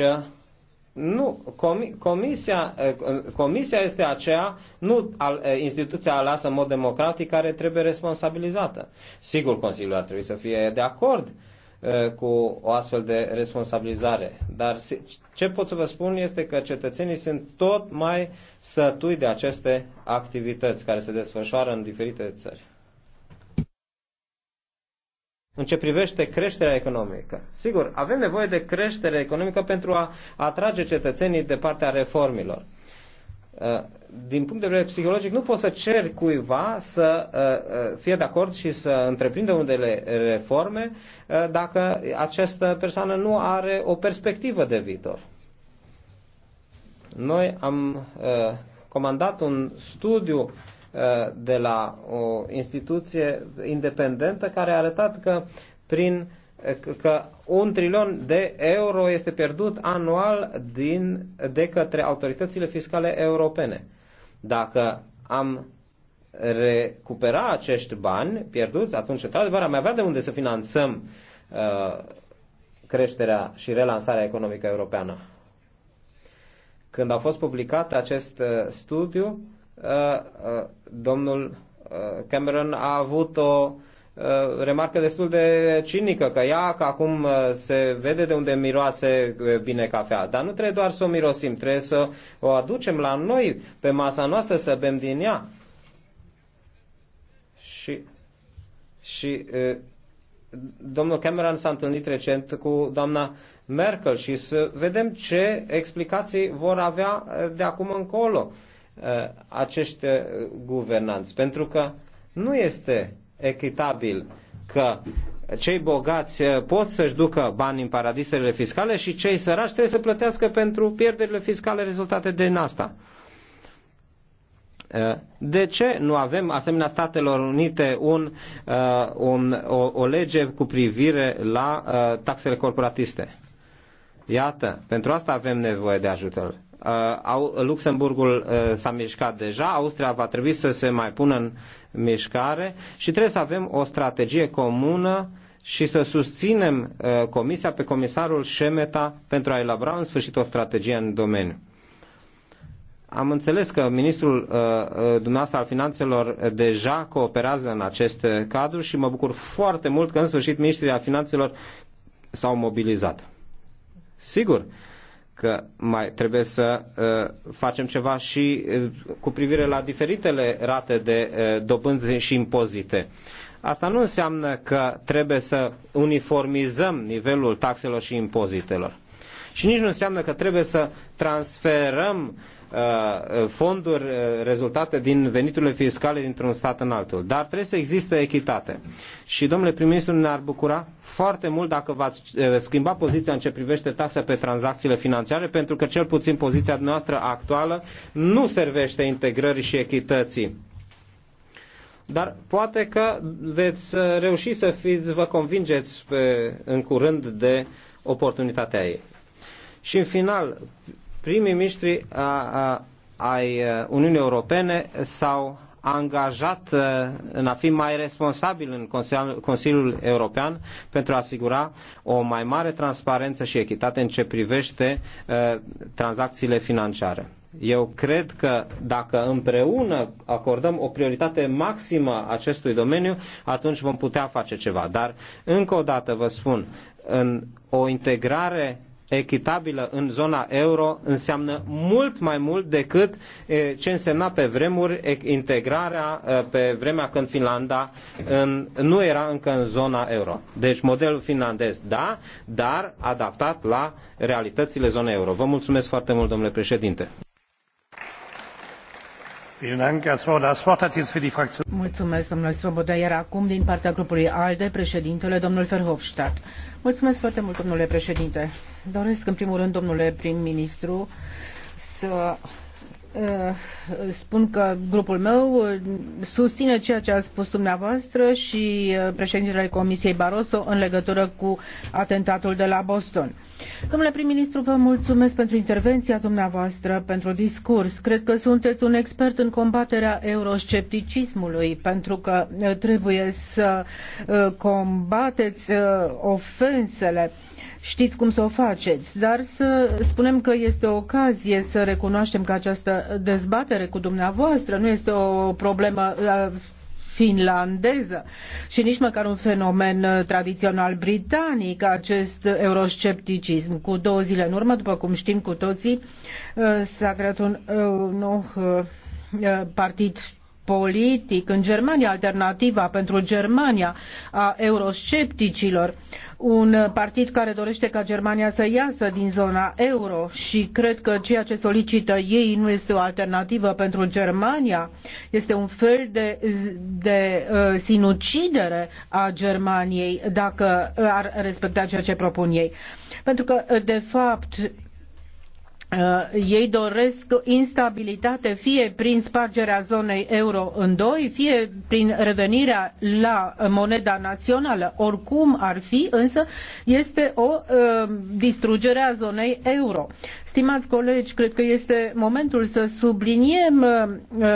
nu, comisia, eh, comisia este aceea, nu al, eh, instituția aleasă în mod democratic, care trebuie responsabilizată. Sigur, Consiliul ar trebui să fie de acord eh, cu o astfel de responsabilizare. Dar ce pot să vă spun este că cetățenii sunt tot mai sătui de aceste activități care se desfășoară în diferite țări în ce privește creșterea economică. Sigur, avem nevoie de creștere economică pentru a atrage cetățenii de partea reformilor. Uh, din punct de vedere psihologic, nu poți să ceri cuiva să uh, uh, fie de acord și să întreprindă unele reforme dacă această persoană nu are o perspectivă de viitor. Noi am comandat un studiu de la o instituție independentă care a arătat că prin că un trilion de euro este pierdut anual din, de către autoritățile fiscale europene. Dacă am recupera acești bani pierduți, atunci, într-adevăr, am avea de unde să finanțăm uh, creșterea și relansarea economică europeană. Când a fost publicat acest uh, studiu, Uh, uh, domnul uh, Cameron a avut o remarcă destul de cinică, că ea, că acum se vede de unde miroase bine cafea. Dar nu trebuie doar să o mirosim, trebuie să o aducem la noi, pe masa noastră, să bem din ea. Și, și domnul Cameron s-a întâlnit recent cu doamna Merkel și să vedem ce explicații vor avea de acum încolo. Uh, Uh, acești uh, guvernanți. Pentru că nu este echitabil că cei bogați uh, pot să-și ducă bani în paradisele fiscale și cei săraci trebuie să plătească pentru pierderile fiscale rezultate din asta. De ce nu avem, asemenea Statelor Unite, un, un, o, o lege cu privire la taxele corporatiste? Iată, pentru asta avem nevoie de ajutor. Uh, Luxemburgul uh, s-a mișcat deja, Austria va trebui să se mai pună în mișcare și trebuie să avem o strategie comună și să susținem uh, Comisia pe comisarul Șemeta pentru a elabora în sfârșit o strategie în domeniu. Am înțeles că ministrul uh, dumneavoastră al finanțelor deja cooperează în acest cadru și mă bucur foarte mult că în sfârșit ministrii al finanțelor s-au mobilizat. Sigur, uh, că mai trebuie să uh, facem ceva și uh, cu privire la diferitele rate de uh, dobânzi și impozite. Asta nu înseamnă că trebuie să uniformizăm nivelul taxelor și impozitelor și nici nu înseamnă că trebuie să transferăm uh, fonduri uh, rezultate din veniturile fiscale dintr-un stat în altul. Dar trebuie să existe echitate. Și, domnule prim-ministru, ne-ar bucura foarte mult dacă v-ați uh, schimba poziția în ce privește taxa pe tranzacțiile financiare, pentru că cel puțin poziția noastră actuală nu servește integrării și echității dar poate că veți reuși să fiți, vă convingeți pe, în curând de oportunitatea ei. Și în final, primii miniștri ai uh, Uniunii Europene s-au angajat uh, în a fi mai responsabil în Consiliul European pentru a asigura o mai mare transparență și echitate în ce privește uh, tranzacțiile financiare. Eu cred că dacă împreună acordăm o prioritate maximă acestui domeniu, atunci vom putea face ceva. Dar, încă o dată vă spun, în o integrare echitabilă în zona euro înseamnă mult mai mult decât ce însemna pe vremuri integrarea pe vremea când Finlanda în, nu era încă în zona euro. Deci modelul finlandez, da, dar adaptat la realitățile zonei euro. Vă mulțumesc foarte mult, domnule președinte. Mulțumesc, domnule Svoboda. Iar acum, din partea grupului ALDE, președintele, domnul Verhofstadt. Mulțumesc foarte mult, domnule președinte. Doresc, în primul rând, domnule prim-ministru, să Eh, spun că grupul meu eh, susține ceea ce a spus dumneavoastră și eh, președintele Comisiei Barroso în legătură cu atentatul de la Boston. Domnule prim-ministru, vă mulțumesc pentru intervenția dumneavoastră, pentru discurs. Cred că sunteți un expert în combaterea euroscepticismului, pentru că trebuie să combateți ofensele știți cum să o faceți, dar să spunem că este o ocazie să recunoaștem că această dezbatere cu dumneavoastră nu este o problemă uh, finlandeză și nici măcar un fenomen uh, tradițional britanic, acest euroscepticism. Cu două zile în urmă, după cum știm cu toții, uh, s-a creat un nou partid politic în Germania, alternativa pentru Germania a euroscepticilor, un partid care dorește ca Germania să iasă din zona euro și cred că ceea ce solicită ei nu este o alternativă pentru Germania, este un fel de, de uh, sinucidere a Germaniei dacă ar respecta ceea ce propun ei. Pentru că, de fapt, Uh, ei doresc instabilitate fie prin spargerea zonei euro în doi, fie prin revenirea la moneda națională. Oricum ar fi, însă este o uh, distrugere a zonei euro. Stimați colegi, cred că este momentul să subliniem uh, uh,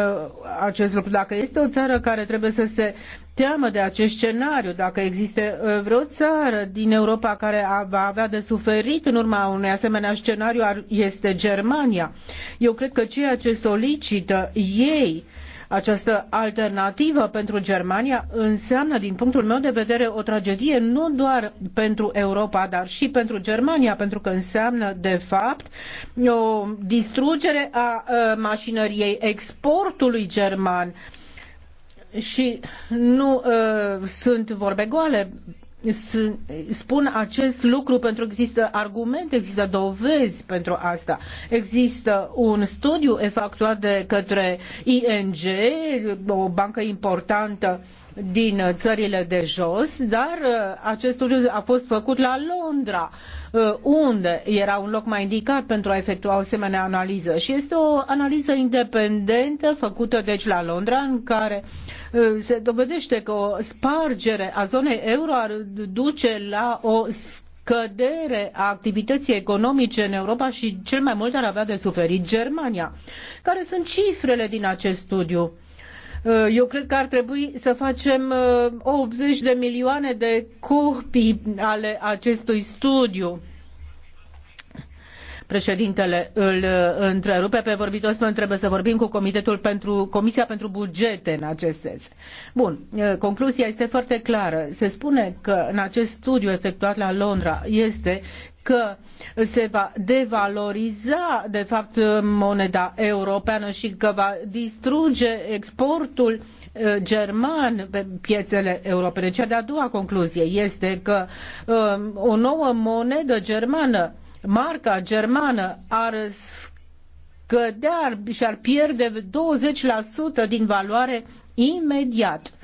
acest lucru. Dacă este o țară care trebuie să se teamă de acest scenariu, dacă există uh, vreo țară din Europa care va avea de suferit în urma unui asemenea scenariu, este Germania. Eu cred că ceea ce solicită ei această alternativă pentru Germania înseamnă, din punctul meu de vedere, o tragedie nu doar pentru Europa, dar și pentru Germania, pentru că înseamnă, de fapt, o distrugere a mașinăriei exportului german și nu uh, sunt vorbe goale spun acest lucru pentru că există argumente, există dovezi pentru asta. Există un studiu efectuat de către ING, o bancă importantă din uh, țările de jos, dar uh, acest studiu a fost făcut la Londra, uh, unde era un loc mai indicat pentru a efectua o asemenea analiză. Și este o analiză independentă făcută deci la Londra, în care se dovedește că o spargere a zonei euro ar duce la o scădere a activității economice în Europa și cel mai mult ar avea de suferit Germania. Care sunt cifrele din acest studiu? Eh, eu cred că ar trebui să facem 80 eh, de milioane de copii ale acestui studiu. Președintele îl eh, întrerupe pe vorbitor, spune trebuie să vorbim cu comitetul pentru, Comisia pentru Bugete în acest sens. Bun, concluzia este foarte clară. Se spune că în acest studiu efectuat la Londra este că se va devaloriza, de fapt, moneda europeană și că va distruge exportul eh, german pe piețele europene. Cea de-a doua concluzie este că um, o nouă monedă germană, marca germană, ar scădea și ar pierde 20% din valoare imediat. Uh,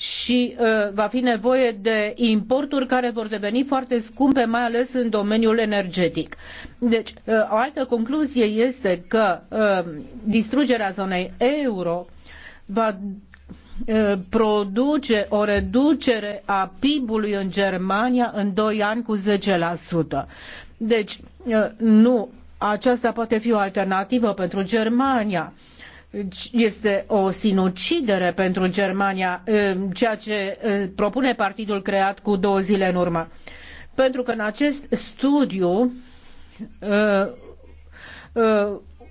și uh, va fi nevoie de importuri care vor deveni foarte scumpe, mai ales în domeniul energetic. Deci, uh, o altă concluzie este că uh, distrugerea zonei euro va uh, produce o reducere a PIB-ului în Germania în 2 ani cu 10%. Deci, uh, nu, aceasta poate fi o alternativă pentru Germania este o sinucidere pentru Germania, ceea ce propune partidul creat cu două zile în urmă. Pentru că în acest studiu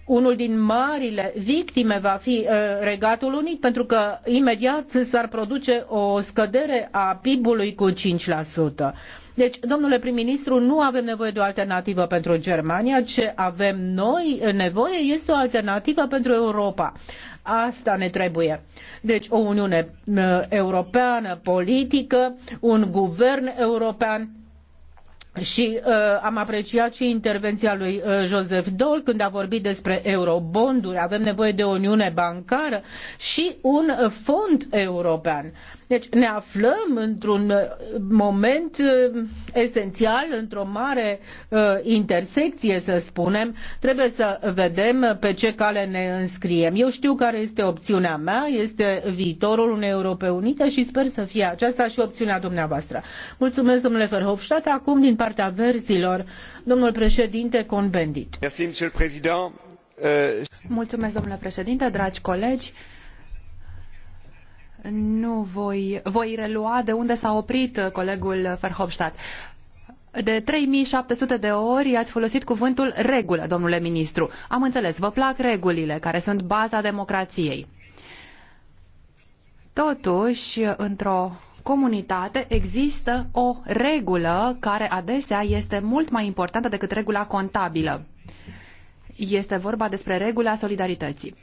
unul din marile victime va fi Regatul Unit, pentru că imediat s-ar produce o scădere a PIB-ului cu 5%. Deci, domnule prim-ministru, nu avem nevoie de o alternativă pentru Germania. Ce avem noi nevoie este o alternativă pentru Europa. Asta ne trebuie. Deci, o Uniune uh, Europeană politică, un guvern european și uh, am apreciat și intervenția lui uh, Joseph Dole când a vorbit despre eurobonduri, avem nevoie de o uniune bancară și un uh, fond european. Uh, deci ne aflăm într-un uh, moment uh, esențial, într-o mare uh, intersecție, să spunem. Trebuie să vedem pe ce cale ne înscriem. Eu știu care este opțiunea mea, este viitorul unei Europe Unite și sper să fie aceasta și opțiunea dumneavoastră. Mulțumesc, domnule Verhofstadt. Acum, din partea verzilor, domnul președinte Conbendit. Euh, Mulțumesc, domnule președinte, dragi colegi. Nu voi, voi relua de unde s-a oprit colegul Verhofstadt. De 3700 de ori ați folosit cuvântul regulă, domnule ministru. Am înțeles, vă plac regulile care sunt baza democrației. Totuși, într-o comunitate există o regulă care adesea este mult mai importantă decât regula contabilă. Este vorba despre regula solidarității.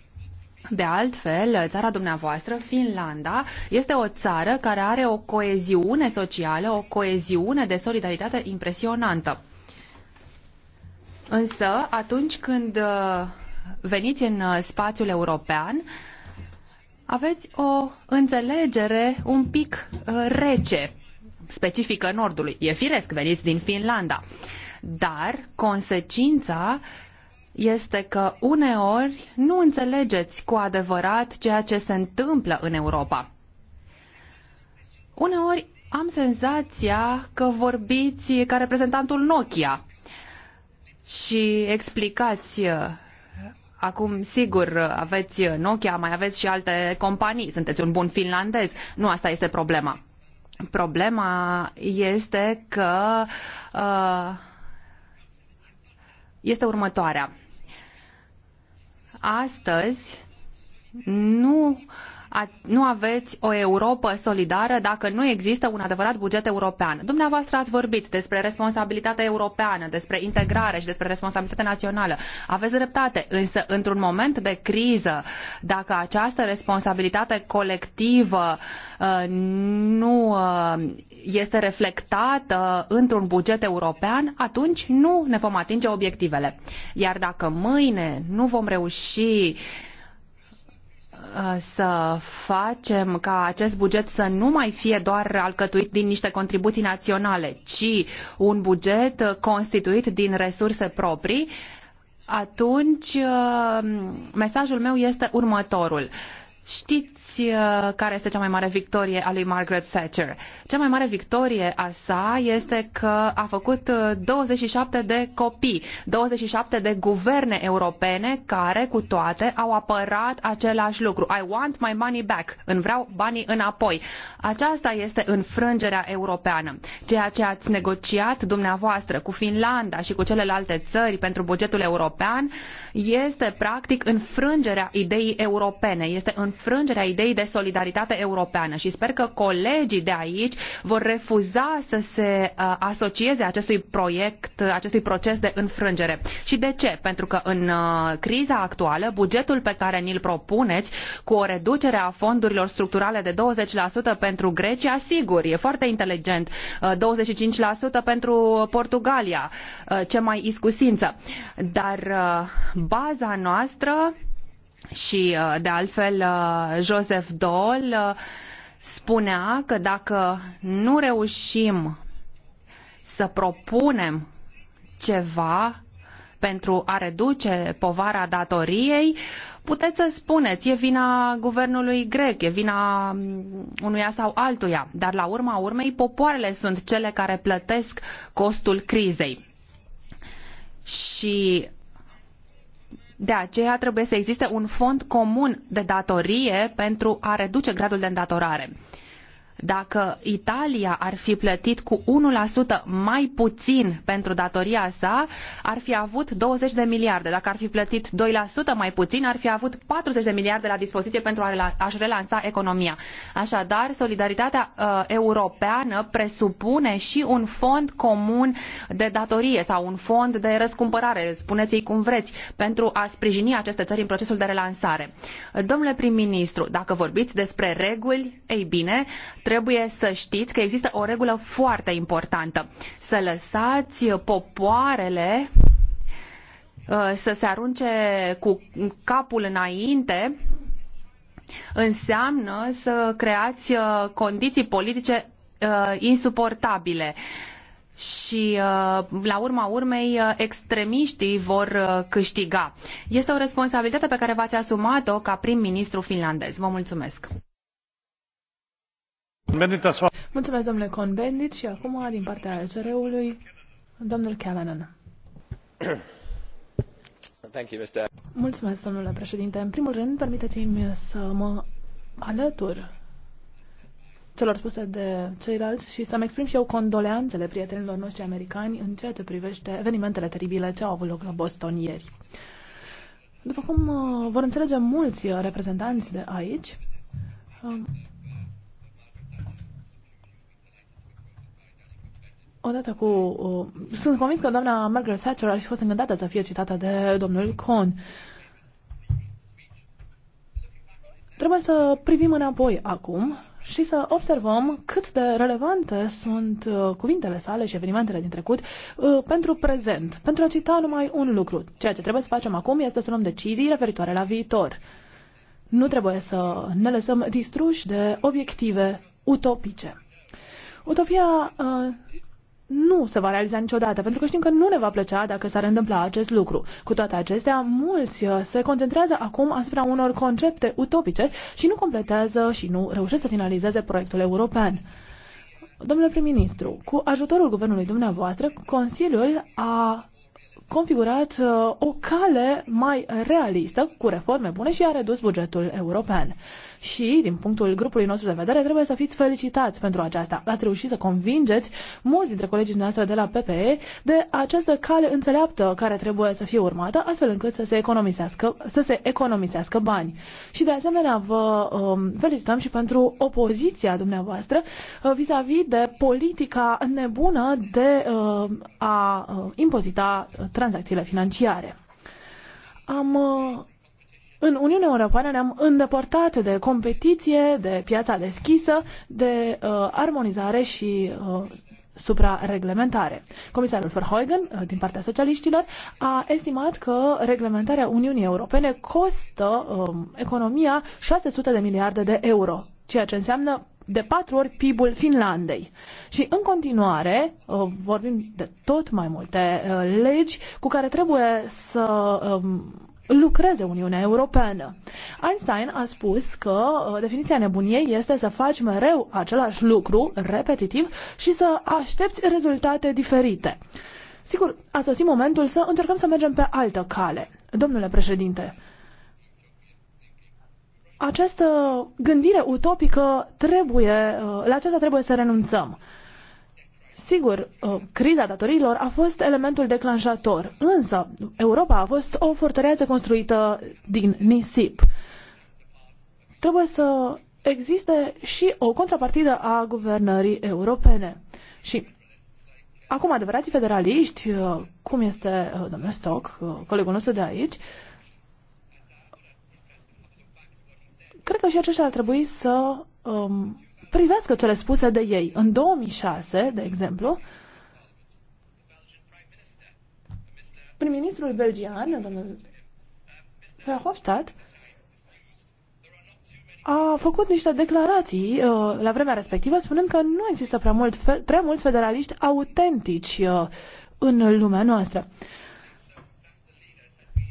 De altfel, țara dumneavoastră, Finlanda, este o țară care are o coeziune socială, o coeziune de solidaritate impresionantă. Însă, atunci când uh, veniți în uh, spațiul european, aveți o înțelegere un pic uh, rece, specifică Nordului. E firesc, veniți din Finlanda. Dar consecința este că uneori nu înțelegeți cu adevărat ceea ce se întâmplă în Europa. Uneori am senzația că vorbiți ca reprezentantul Nokia și explicați uh, Acum, sigur, uh, aveți Nokia, mai aveți și alte companii, sunteți un bun finlandez. Nu asta este problema. Problema este că uh, este următoarea astăzi nu nu aveți o Europă solidară dacă nu există un adevărat buget european. Dumneavoastră ați vorbit despre responsabilitatea europeană, despre integrare și despre responsabilitatea națională. Aveți dreptate, însă într-un moment de criză, dacă această responsabilitate colectivă uh, nu uh, este reflectată într-un buget european, atunci nu ne vom atinge obiectivele. Iar dacă mâine nu vom reuși să facem ca acest buget să nu mai fie doar alcătuit din niște contribuții naționale, ci un buget constituit din resurse proprii, atunci uh, mesajul meu este următorul. Știți uh, care este cea mai mare victorie a lui Margaret Thatcher? Cea mai mare victorie a sa este că a făcut 27 uh, de copii, 27 de guverne europene care cu toate au apărat același lucru. I want my money back. Îmi vreau banii înapoi. Aceasta este înfrângerea europeană. Ceea ce ați negociat dumneavoastră cu Finlanda și cu celelalte țări pentru bugetul european este practic înfrângerea ideii europene. Este înfrângerea ideii de solidaritate europeană și sper că colegii de aici vor refuza să se uh, asocieze acestui proiect, uh, acestui proces de înfrângere. Și de ce? Pentru că în uh, criza actuală, bugetul pe care ni-l propuneți cu o reducere a fondurilor structurale de 20% pentru Grecia, sigur, e foarte inteligent, 25% pentru Portugalia, ce mai iscusință. Dar baza noastră și, uh, de altfel, uh, Joseph Daul uh, spunea că dacă nu reușim să propunem ceva pentru a reduce povara datoriei, puteți să spuneți, e vina guvernului grec, e vina mm, unuia sau altuia, dar la urma urmei popoarele sunt cele care plătesc costul crizei. Și de aceea trebuie să existe un fond comun de datorie pentru a reduce gradul de îndatorare. Dacă Italia ar fi plătit cu 1% mai puțin pentru datoria sa, ar fi avut 20 de miliarde. Dacă ar fi plătit 2% mai puțin, ar fi avut 40 de miliarde la dispoziție pentru a-și relansa economia. Așadar, solidaritatea uh, europeană presupune și un fond comun de datorie sau un fond de răscumpărare, spuneți-i cum vreți, pentru a sprijini aceste țări în procesul de relansare. Domnule prim-ministru, dacă vorbiți despre reguli, ei bine, trebuie să știți că există o regulă foarte importantă. Să lăsați popoarele uh, să se arunce cu capul înainte înseamnă să creați uh, condiții politice uh, insuportabile. Și la urma urmei extremiștii vor câștiga. Este o responsabilitate pe care v-ați asumat-o ca prim-ministru finlandez. Vă mulțumesc! Mulțumesc, domnule Conbendit, și acum, din partea alcr ului domnul Callanan. Mulțumesc, domnule președinte. În primul rând, permiteți-mi să mă alătur celor spuse de ceilalți și să-mi exprim și eu condoleanțele prietenilor noștri americani în ceea ce privește evenimentele teribile ce au avut loc la Boston ieri. După cum uh, vor înțelege mulți uh, reprezentanți de aici, uh, odată cu... Uh, sunt convins că doamna Margaret Thatcher ar fi fost îngândată să fie citată de domnul Cohn. Trebuie să privim înapoi acum și să observăm cât de relevante sunt uh, cuvintele sale și evenimentele din trecut uh, pentru prezent. Pentru a cita numai un lucru, ceea ce trebuie să facem acum este să luăm decizii referitoare la viitor. Nu trebuie să ne lăsăm distruși de obiective utopice. Utopia uh, nu se va realiza niciodată, pentru că știm că nu ne va plăcea dacă s-ar întâmpla acest lucru. Cu toate acestea, mulți uh, se concentrează acum asupra unor concepte utopice și nu completează și nu reușesc să finalizeze proiectul european. Domnule prim-ministru, cu ajutorul guvernului dumneavoastră, Consiliul a configurat uh, o cale mai realistă, cu reforme bune și a redus bugetul european și, din punctul grupului nostru de vedere, trebuie să fiți felicitați pentru aceasta. Ați reușit să convingeți mulți dintre colegii noastre de la PPE de această cale înțeleaptă care trebuie să fie urmată, astfel încât să se economisească, să se economisească bani. Și, de asemenea, vă um, felicităm și pentru opoziția dumneavoastră uh, vis-a-vis -vis de politica nebună de uh, a uh, impozita uh, tranzacțiile financiare. Am uh, în Uniunea Europeană ne-am îndepărtat de competiție, de piața deschisă, de uh, armonizare și uh, suprareglementare. Comisarul Verheugen, uh, din partea socialiștilor, a estimat că reglementarea Uniunii Europene costă uh, economia 600 de miliarde de euro, ceea ce înseamnă de patru ori PIB-ul Finlandei. Și în continuare uh, vorbim de tot mai multe uh, legi cu care trebuie să um, lucreze Uniunea Europeană. Einstein a spus că uh, definiția nebuniei este să faci mereu același lucru, repetitiv, și să aștepți rezultate diferite. Sigur, a sosit momentul să încercăm să mergem pe altă cale. Domnule președinte, această gândire utopică trebuie, uh, la aceasta trebuie să renunțăm. Sigur, uh, criza datoriilor a fost elementul declanșator, însă Europa a fost o fortăreață construită din nisip. Trebuie să existe și o contrapartidă a guvernării europene. Și acum adevărații federaliști, uh, cum este uh, domnul Stock, colegul nostru de aici, cred că și aceștia ar trebui să um, privească cele spuse de ei. În 2006, de exemplu, prim-ministrul belgian, domnul Verhofstadt, a făcut niște declarații uh, la vremea respectivă spunând că nu există prea, mult fe- prea mulți federaliști autentici uh, în lumea noastră.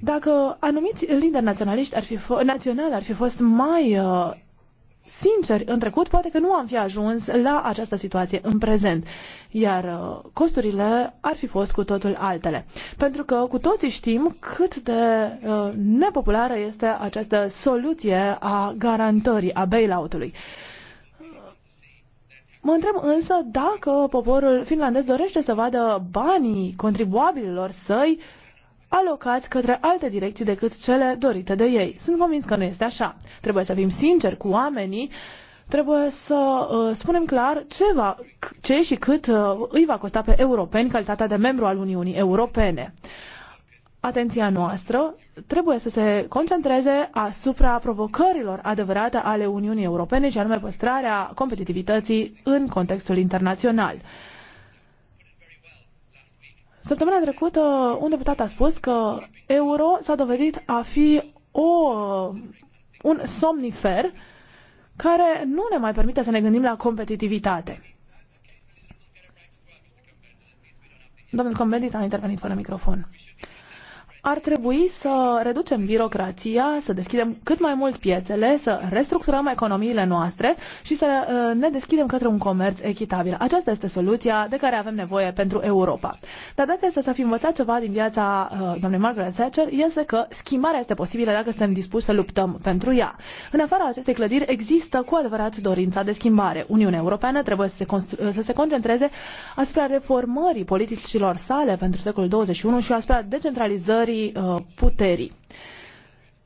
Dacă anumiți lideri naționaliști ar fi național ar fi fost mai uh, sinceri în trecut, poate că nu am fi ajuns la această situație în prezent, iar uh, costurile ar fi fost cu totul altele. Pentru că cu toții știm cât de uh, nepopulară este această soluție a garantării, a bailout-ului. Mă întreb însă dacă poporul finlandez dorește să vadă banii contribuabililor săi uh, Alocat către alte direcții decât cele dorite de ei. Sunt convins că nu este așa. Trebuie să fim sinceri cu oamenii, trebuie să uh, spunem clar ce, va, ce și cât uh, îi va costa pe europeni calitatea de membru al Uniunii Europene. Atenția noastră trebuie să se concentreze asupra provocărilor adevărate ale Uniunii Europene și anume păstrarea competitivității în contextul internațional. Săptămâna trecută, un deputat a spus că euro s-a dovedit a fi o, un somnifer care nu ne mai permite să ne gândim la competitivitate. Domnul Combendit a intervenit fără microfon ar trebui să reducem birocrația, să deschidem cât mai mult piețele, să restructurăm economiile noastre și să uh, ne deschidem către un comerț echitabil. Aceasta este soluția de care avem nevoie pentru Europa. Dar dacă este să fi învățat ceva din viața uh, doamnei Margaret Thatcher, este că schimbarea este posibilă dacă suntem dispuși să luptăm pentru ea. În afara acestei clădiri există cu adevărat dorința de schimbare. Uniunea Europeană trebuie să se, uh, să se concentreze asupra reformării politicilor sale pentru secolul 21 și asupra decentralizării concentrării uh, puterii.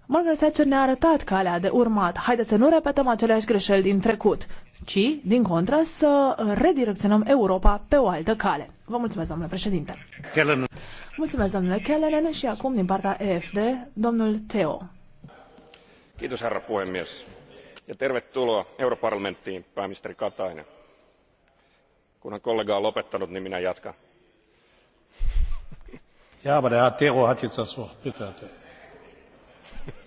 Margaret Thatcher ne-a arătat calea de urmat. Haideți să nu repetăm aceleași greșeli din trecut, ci, din contră, să redirecționăm Europa pe o altă cale. Vă mulțumesc, domnule președinte. Kellen. Mulțumesc, domnule Kellen, și acum, din partea EFD, domnul Teo. Kiitos, herra puhemies. Ja tervetuloa europarlamenttiin, pääministeri Katainen. Kunhan kollega on lopettanut, niin minä jatkan aber der Herr Tero hat jetzt das Wort. Bitte.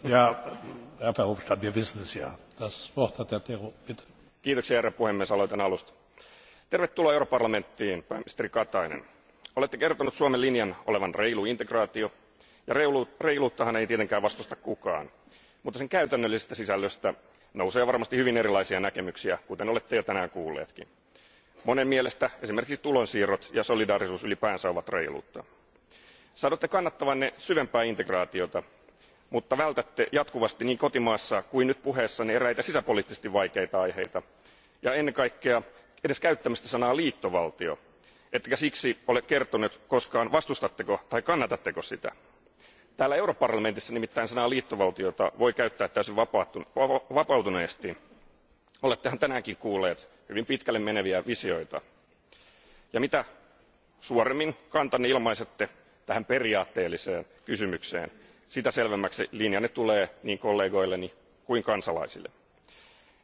Ja, Herr Verhofstadt, wir wissen es ja. Das Wort hat Herr Tero. Bitte. herra puhemies. Aloitan alusta. Tervetuloa euroopan parlamenttiin pääministeri Katainen. Olette kertonut Suomen linjan olevan reilu integraatio, ja reiluuttahan ei tietenkään vastusta kukaan. Mutta sen käytännöllisestä sisällöstä nousee varmasti hyvin erilaisia näkemyksiä, kuten olette jo tänään kuulleetkin. Monen mielestä esimerkiksi tulonsiirrot ja solidaarisuus ylipäänsä ovat reiluutta sanotte kannattavanne syvempää integraatiota mutta vältätte jatkuvasti niin kotimaassa kuin nyt puheessanne eräitä sisäpoliittisesti vaikeita aiheita ja ennen kaikkea edes käyttämästä sanaa liittovaltio ettekä siksi ole kertonut koskaan vastustatteko tai kannatatteko sitä. täällä parlamentissa nimittäin sanaa liittovaltiota voi käyttää täysin vapautuneesti olettehan tänäänkin kuulleet hyvin pitkälle meneviä visioita. ja mitä suoremmin kantanne ilmaisette tähän periaatteelliseen kysymykseen sitä selvemmäksi linjanne tulee niin kollegoilleni kuin kansalaisille.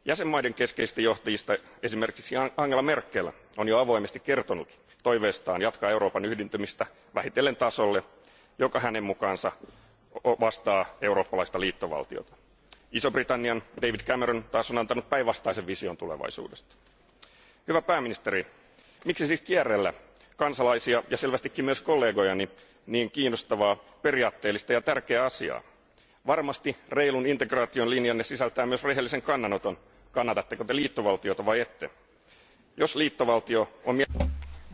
jäsenvaltioiden keskeisistä johtajista esimerkiksi angela merkel on jo avoimesti kertonut toiveestaan jatkaa euroopan yhdentymistä vähitellen tasolle joka hänen mukaansa vastaa eurooppalaista liittovaltiota. ison britannian david cameron taas on antanut päinvastaisen vision tulevaisuudesta. hyvä pääministeri miksi siis kierrellä kansalaisia ja selvästikin myös kollegojani niin kiinnostavaa periaatteellista ja tärkeää asiaa. varmasti reilun integraation linjanne sisältää myös rehellisen kannanoton kannatatteko te liittovaltiota vai ette. jos liittovaltio on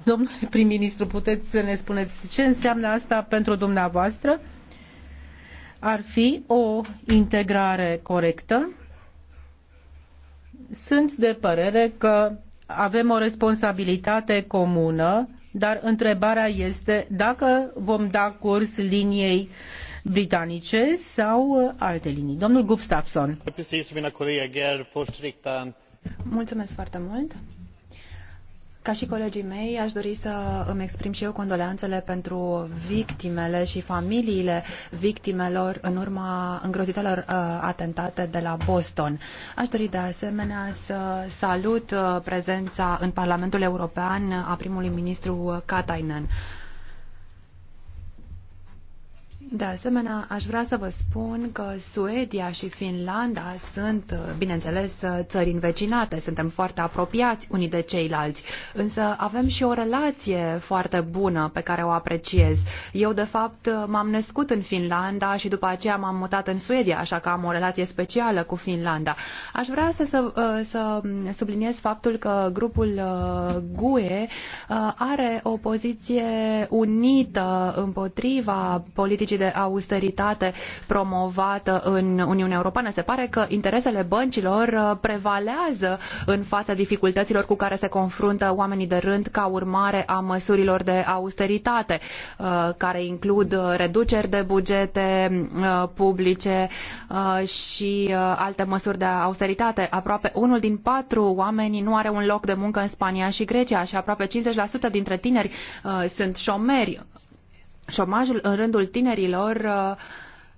Domnule prim-ministru, puteți să ne spuneți ce înseamnă asta pentru dumneavoastră? Ar fi o integrare corectă? Sunt de părere că avem o responsabilitate comună dar întrebarea este dacă vom da curs liniei britanice sau uh, alte linii. Domnul Gustafsson. Mulțumesc foarte mult. Ca și colegii mei, aș dori să îmi exprim și eu condoleanțele pentru victimele și familiile victimelor în urma îngrozitorilor uh, atentate de la Boston. Aș dori de asemenea să salut uh, prezența în Parlamentul European a primului ministru Katainen. Uh, de asemenea, aș vrea să vă spun că Suedia și Finlanda sunt, bineînțeles, țări învecinate, suntem foarte apropiați unii de ceilalți, însă avem și o relație foarte bună pe care o apreciez. Eu, de fapt, m-am născut în Finlanda și după aceea m-am mutat în Suedia, așa că am o relație specială cu Finlanda. Aș vrea să, să, uh, să subliniez faptul că grupul uh, GUE uh, are o poziție unită împotriva politicii politicii de austeritate promovată în Uniunea Europeană. Se pare că interesele băncilor uh, prevalează în fața dificultăților cu care se confruntă oamenii de rând ca urmare a măsurilor de austeritate, uh, care includ uh, reduceri de bugete publice și alte măsuri de austeritate. Aproape unul din patru oameni nu are un loc de muncă în Spania și Grecia și aproape 50% dintre tineri sunt șomeri șomajul în rândul tinerilor uh,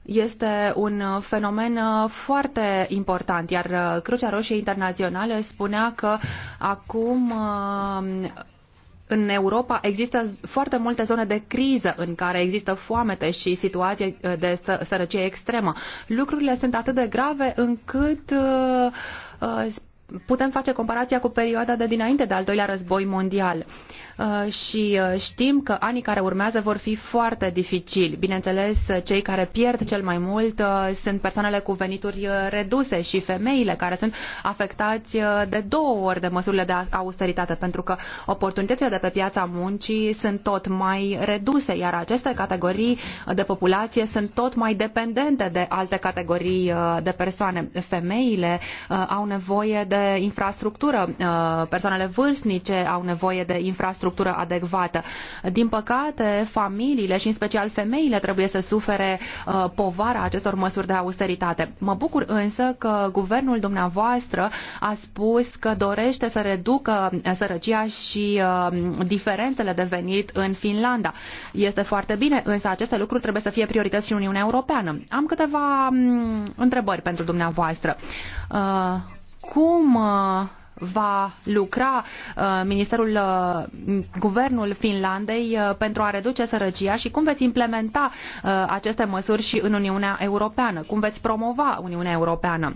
este un fenomen uh, foarte important, iar uh, Crucea Roșie Internațională spunea că acum în Europa există foarte multe zone de criză în care există foamete și situații de sărăcie extremă. Lucrurile sunt atât de grave încât putem face comparația cu perioada de dinainte de al doilea război mondial. Uh, și uh, știm că anii care urmează vor fi foarte dificili. Bineînțeles, cei care pierd cel mai mult uh, sunt persoanele cu venituri reduse și femeile care sunt afectați de două ori de măsurile de austeritate, pentru că oportunitățile de pe piața muncii sunt tot mai reduse, iar aceste categorii de populație sunt tot mai dependente de alte categorii de persoane. Femeile au nevoie de infrastructură, persoanele vârstnice au nevoie de infrastructură infrastructură adecvată. Din păcate, familiile și în special femeile trebuie să sufere uh, povara acestor măsuri de austeritate. Mă bucur însă că guvernul dumneavoastră a spus că dorește să reducă uh, sărăcia și uh, diferențele de venit în Finlanda. Este foarte bine, însă aceste lucruri trebuie să fie priorități și în Uniunea Europeană. Am câteva mm, întrebări pentru dumneavoastră. cum va lucra uh, Ministerul, uh, Guvernul Finlandei uh, pentru a reduce sărăcia și cum veți implementa aceste măsuri și în Uniunea Europeană? Cum veți promova Uniunea Europeană?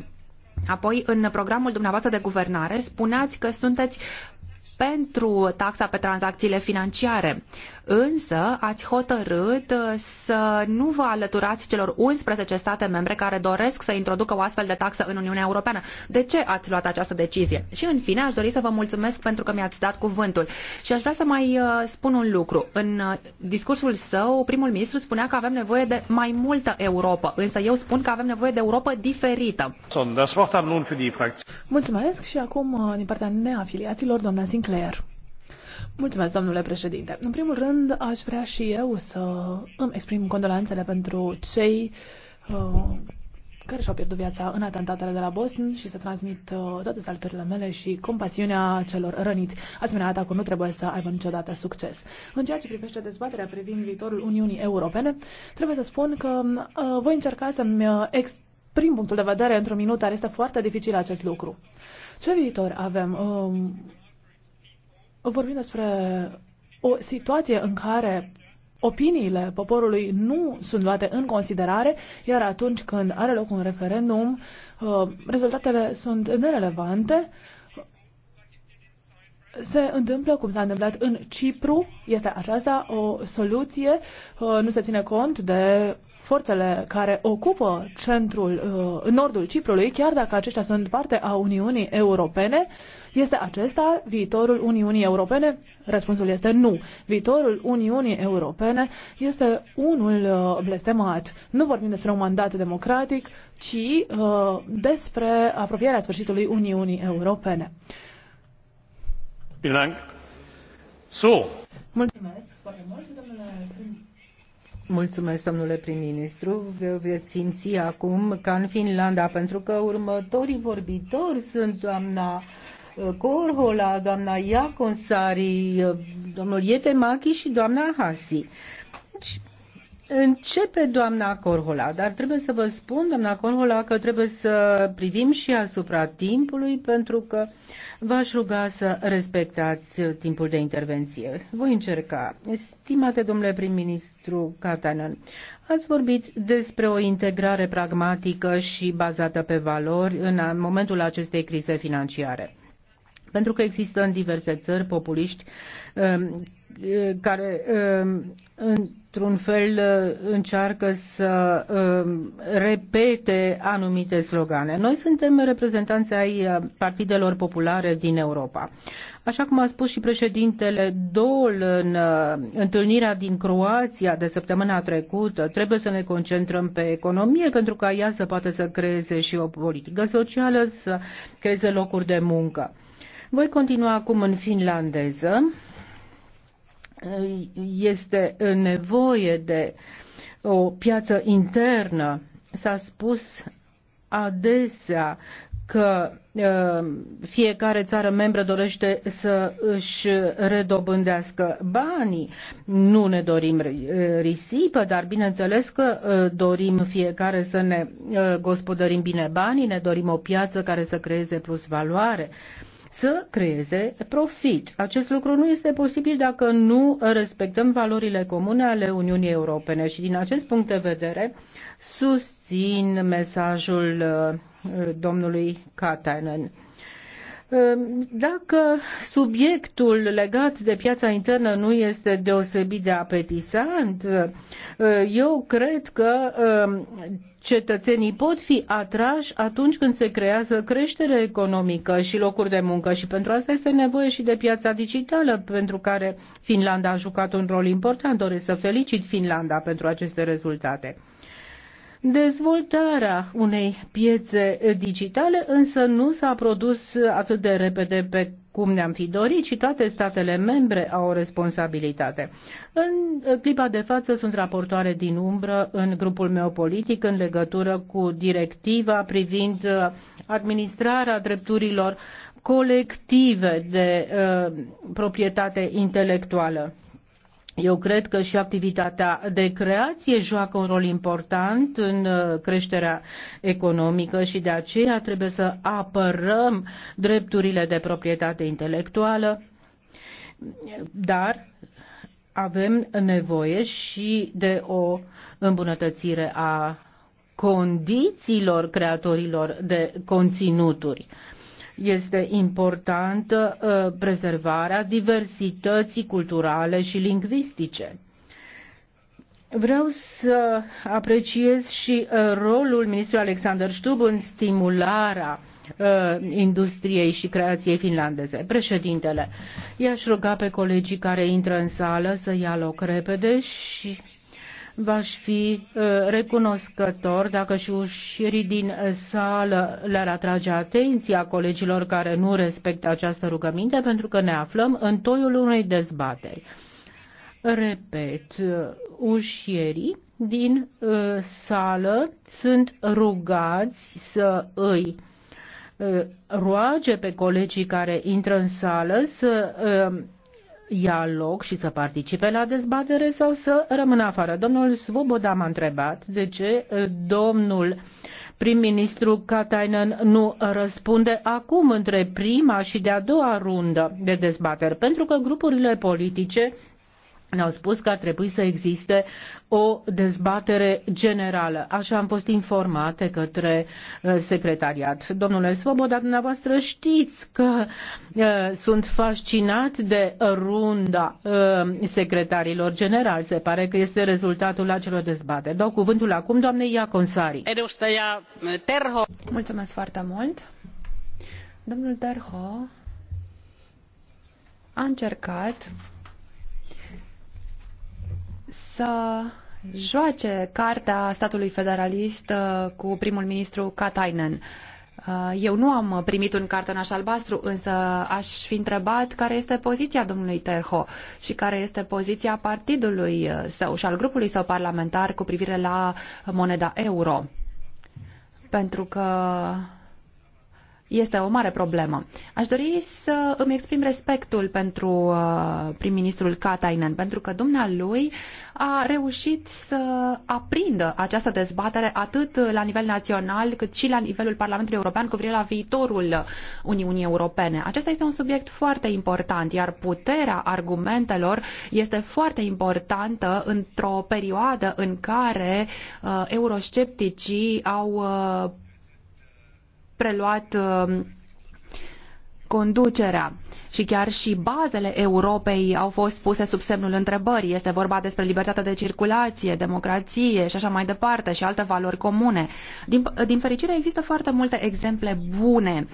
Apoi, în programul dumneavoastră de guvernare, spuneați că sunteți pentru taxa pe tranzacțiile financiare însă ați hotărât uh, să nu vă alăturați celor 11 state membre care doresc să introducă o astfel de taxă în Uniunea Europeană. De ce ați luat această decizie? Și în fine, aș dori să vă mulțumesc pentru că mi-ați dat cuvântul. Și aș vrea să mai uh, spun un lucru. În uh, discursul său, primul ministru spunea că avem nevoie de mai multă Europa, însă eu spun că avem nevoie de Europa diferită. Mulțumesc și acum din partea neafiliaților, doamna Sinclair. Mulțumesc, domnule președinte. În primul rând, aș vrea și eu să îmi exprim condolențele pentru cei uh, care și-au pierdut viața în atentatele de la Boston și să transmit uh, toate salutările mele și compasiunea celor răniți. Asemenea, atacul nu trebuie să aibă niciodată succes. În ceea ce privește dezbaterea privind viitorul Uniunii Europene, trebuie să spun că uh, voi încerca să-mi uh, exprim punctul de vedere într-un minut, dar este foarte dificil acest lucru. Ce viitor avem? Uh, vorbim despre o situație în care opiniile poporului nu sunt luate în considerare, iar atunci când are loc un referendum, uh, rezultatele sunt nerelevante. Se întâmplă cum s-a întâmplat în Cipru, este aceasta o soluție, uh, nu se ține cont de forțele care ocupă centrul, uh, nordul Ciprului, chiar dacă aceștia sunt parte a Uniunii Europene, este acesta viitorul Uniunii Europene? Răspunsul este nu. Viitorul Uniunii Europene este unul uh, blestemat. Nu vorbim despre un mandat democratic, ci uh, despre apropierea sfârșitului Uniunii Europene. Mulțumesc foarte mult. Mulțumesc, domnule prim-ministru. Vă veți simți acum ca în Finlanda, pentru că următorii vorbitori sunt doamna uh, Corhola, doamna Iaconsari, uh, domnul Ietemachi și doamna Hasi. Deci, Începe doamna Corhola, dar trebuie să vă spun, doamna Corhola, că trebuie să privim și asupra timpului, pentru că v-aș ruga să respectați timpul de intervenție. Voi încerca. Stimate domnule prim-ministru Katainen, ați vorbit despre o integrare pragmatică și bazată pe valori în momentul acestei crize financiare pentru că există în diverse țări populiști um, care um, într-un fel uh, încearcă să uh, repete anumite slogane. Noi suntem reprezentanți ai uh, partidelor populare din Europa. Așa cum a spus și președintele Dol în întâlnirea din Croația de săptămâna trecută, trebuie să ne concentrăm pe economie pentru ca ea să poată să creeze și o politică socială, să creeze locuri de muncă. Voi continua acum în finlandeză este nevoie de o piață internă. S-a spus adesea că uh, fiecare țară membră dorește să își redobândească banii. Nu ne dorim uh, risipă, dar bineînțeles că uh, dorim fiecare să ne gospodărim bine banii, ne dorim o piață care să creeze plus valoare să creeze profit. Acest lucru nu este posibil dacă nu respectăm valorile comune ale Uniunii Europene și din acest punct de vedere susțin mesajul uh, domnului Katainen. Ehm, dacă subiectul legat de piața internă nu este deosebit de apetisant, ehm, eu cred că ehm, cetățenii pot fi atrași atunci când se creează creștere economică și locuri de muncă și pentru asta este nevoie și de piața digitală pentru care Finlanda a jucat un rol important. Doresc să felicit Finlanda pentru aceste rezultate dezvoltarea unei piețe digitale, însă nu s-a produs atât de repede pe cum ne-am fi dorit și toate statele membre au o responsabilitate. În clipa de față sunt raportoare din umbră în grupul meu politic în legătură cu directiva privind uh, administrarea drepturilor colective de uh, proprietate intelectuală. Eu cred că și activitatea de creație joacă un rol important în uh, creșterea economică și de aceea trebuie să apărăm drepturile de proprietate intelectuală, dar avem nevoie și de o îmbunătățire a condițiilor creatorilor de conținuturi. Este importantă uh, prezervarea diversității culturale și lingvistice. Vreau să apreciez și uh, rolul ministrului Alexander Stubb în stimularea uh, industriei și creației finlandeze. Președintele, i-aș ruga pe colegii care intră în sală să ia loc repede și V-aș fi uh, recunoscător dacă și ușirii din uh, sală le-ar atrage atenția colegilor care nu respectă această rugăminte, pentru că ne aflăm în toiul unei dezbateri. Repet, uh, ușierii din sală sunt rugați să îi roage pe colegii care intră în sală să ia loc și să participe la dezbatere sau să rămână afară. Domnul Svoboda m-a întrebat de ce domnul prim-ministru Katainen nu răspunde acum între prima și de-a doua rundă de dezbateri, pentru că grupurile politice ne-au spus că ar trebui să existe o dezbatere generală. Așa am fost informate către uh, secretariat. Domnule Svoboda, dumneavoastră știți că uh, sunt fascinat de runda uh, secretarilor generali. Se pare că este rezultatul acelor dezbateri. Dau cuvântul acum doamnei Iaconsari. Uh, Mulțumesc foarte mult. Domnul Terho a încercat să joace cartea statului federalist uh, cu primul ministru Katainen. Uh, eu nu am primit un cartonaș albastru, însă aș fi întrebat care este poziția domnului Terho și care este poziția partidului uh, său și al grupului său parlamentar cu privire la moneda euro. Pentru că este o mare problemă. Aș dori să îmi exprim respectul pentru uh, prim-ministrul Katainen, pentru că dumnealui a reușit să aprindă această dezbatere atât la nivel național cât și la nivelul Parlamentului European cu privire la viitorul Uniunii Europene. Acesta este un subiect foarte important, iar puterea argumentelor este foarte importantă într-o perioadă în care uh, euroscepticii au uh, preluat uh, conducerea și chiar și bazele Europei au fost puse sub semnul întrebării. Este vorba despre libertatea de circulație, democrație și așa mai departe și alte valori comune. Din, din fericire există foarte multe exemple bune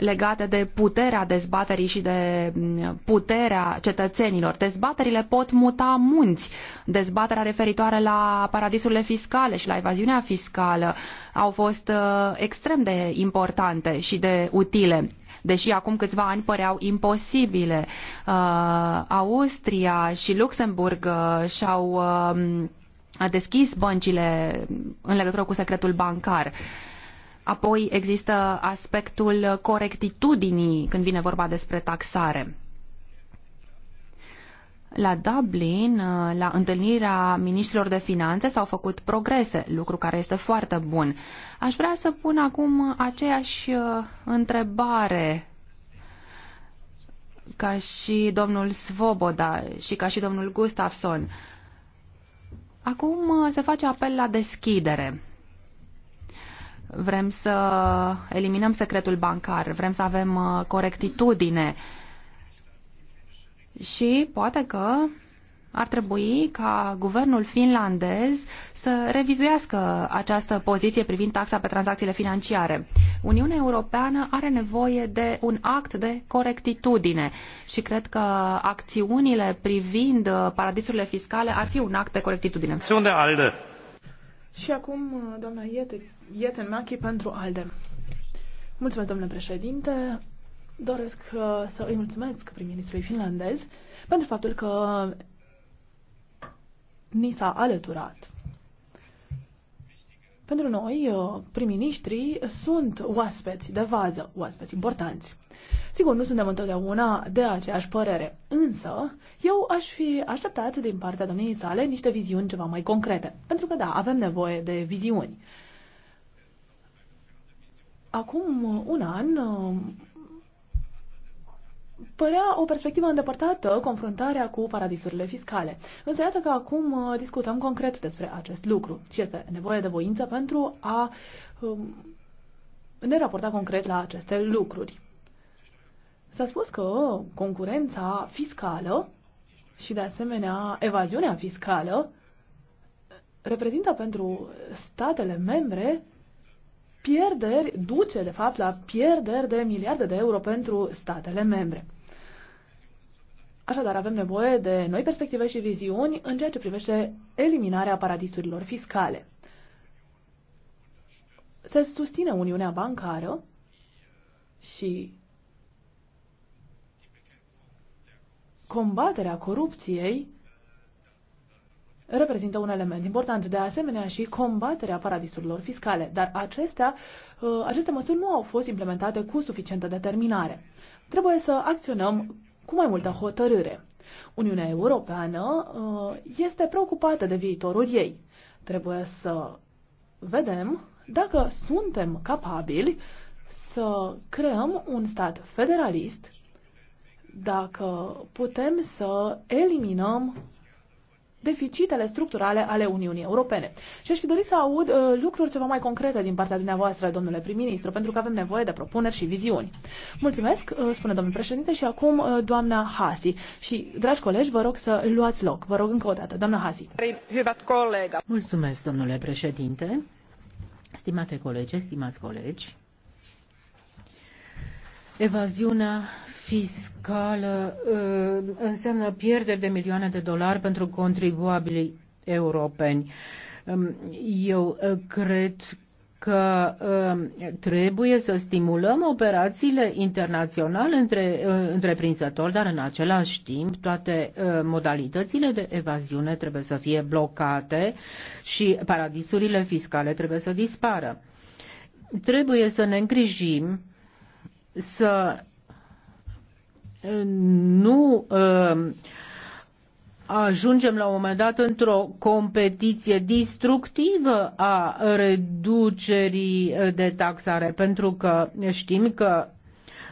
legate de puterea dezbaterii și de mm, puterea cetățenilor. Dezbaterile pot muta munți. Dezbaterea referitoare la paradisurile fiscale și la evaziunea fiscală au fost uh, extrem de importante și de utile deși acum câțiva ani păreau imposibile. Uh, Austria și Luxemburg uh, și-au deschis băncile în legătură cu secretul bancar. Uh, Apoi există aspectul corectitudinii când vine vorba despre taxare. La Dublin, la întâlnirea ministrilor de finanțe, s-au făcut progrese, lucru care este foarte bun. Aș vrea să pun acum aceeași uh, întrebare ca și domnul Svoboda și ca și domnul Gustafsson. Acum uh, se face apel la deschidere. Vrem să eliminăm secretul bancar, vrem să avem uh, corectitudine și poate că ar trebui ca guvernul finlandez să revizuiască această poziție privind taxa pe tranzacțiile financiare. Uniunea Europeană are nevoie de un act de corectitudine și cred că acțiunile privind uh, paradisurile fiscale ar fi un act de corectitudine. Și acum, uh, doamna Iete, Ieten Machi pentru ALDE. Mulțumesc, domnule președinte. Doresc uh, să îi mulțumesc prim-ministrului finlandez pentru faptul că ni s-a alăturat. Pentru noi, uh, prim-ministrii sunt oaspeți de vază, oaspeți importanți. Sigur, nu suntem întotdeauna de aceeași părere, însă eu aș fi așteptat din partea domniei sale niște viziuni ceva mai concrete. Pentru că, da, avem nevoie de viziuni acum uh, un an uh, părea o perspectivă îndepărtată confruntarea cu paradisurile fiscale. Însă iată că acum uh, discutăm concret despre acest lucru și este nevoie de voință pentru a um, ne raporta concret la aceste lucruri. S-a spus că concurența fiscală și de asemenea evaziunea fiscală reprezintă pentru statele membre pierderi, duce de fapt la pierderi de miliarde de euro pentru statele membre. Așadar, avem nevoie de noi perspective și viziuni în ceea ce privește eliminarea paradisurilor fiscale. Se susține Uniunea Bancară și combaterea corupției reprezintă un element important. De asemenea și combaterea paradisurilor fiscale, dar acestea, uh, aceste măsuri nu au fost implementate cu suficientă determinare. Trebuie să acționăm cu mai multă hotărâre. Uniunea Europeană uh, este preocupată de viitorul ei. Trebuie să vedem dacă suntem capabili să creăm un stat federalist, dacă putem să eliminăm deficitele structurale ale Uniunii Europene. Și aș fi dorit să aud uh, lucruri ceva mai concrete din partea dumneavoastră, domnule prim-ministru, pentru că avem nevoie de propuneri și viziuni. Mulțumesc, uh, spune domnul președinte, și acum uh, doamna Hasi. Și, dragi colegi, vă rog să luați loc. Vă rog încă o dată, doamna Hasi. Mulțumesc, domnule președinte. Stimate colegi, stimați colegi, Evaziunea fiscală uh, înseamnă pierderi de milioane de dolari pentru contribuabilii europeni. Um, eu uh, cred că um, trebuie să stimulăm operațiile internaționale între uh, întreprinzători, dar în același timp toate modalitățile de evaziune trebuie să fie blocate și paradisurile fiscale trebuie să dispară. Trebuie să ne îngrijim să nu uh, ajungem la un moment dat într-o competiție distructivă a reducerii uh, de taxare, pentru că știm că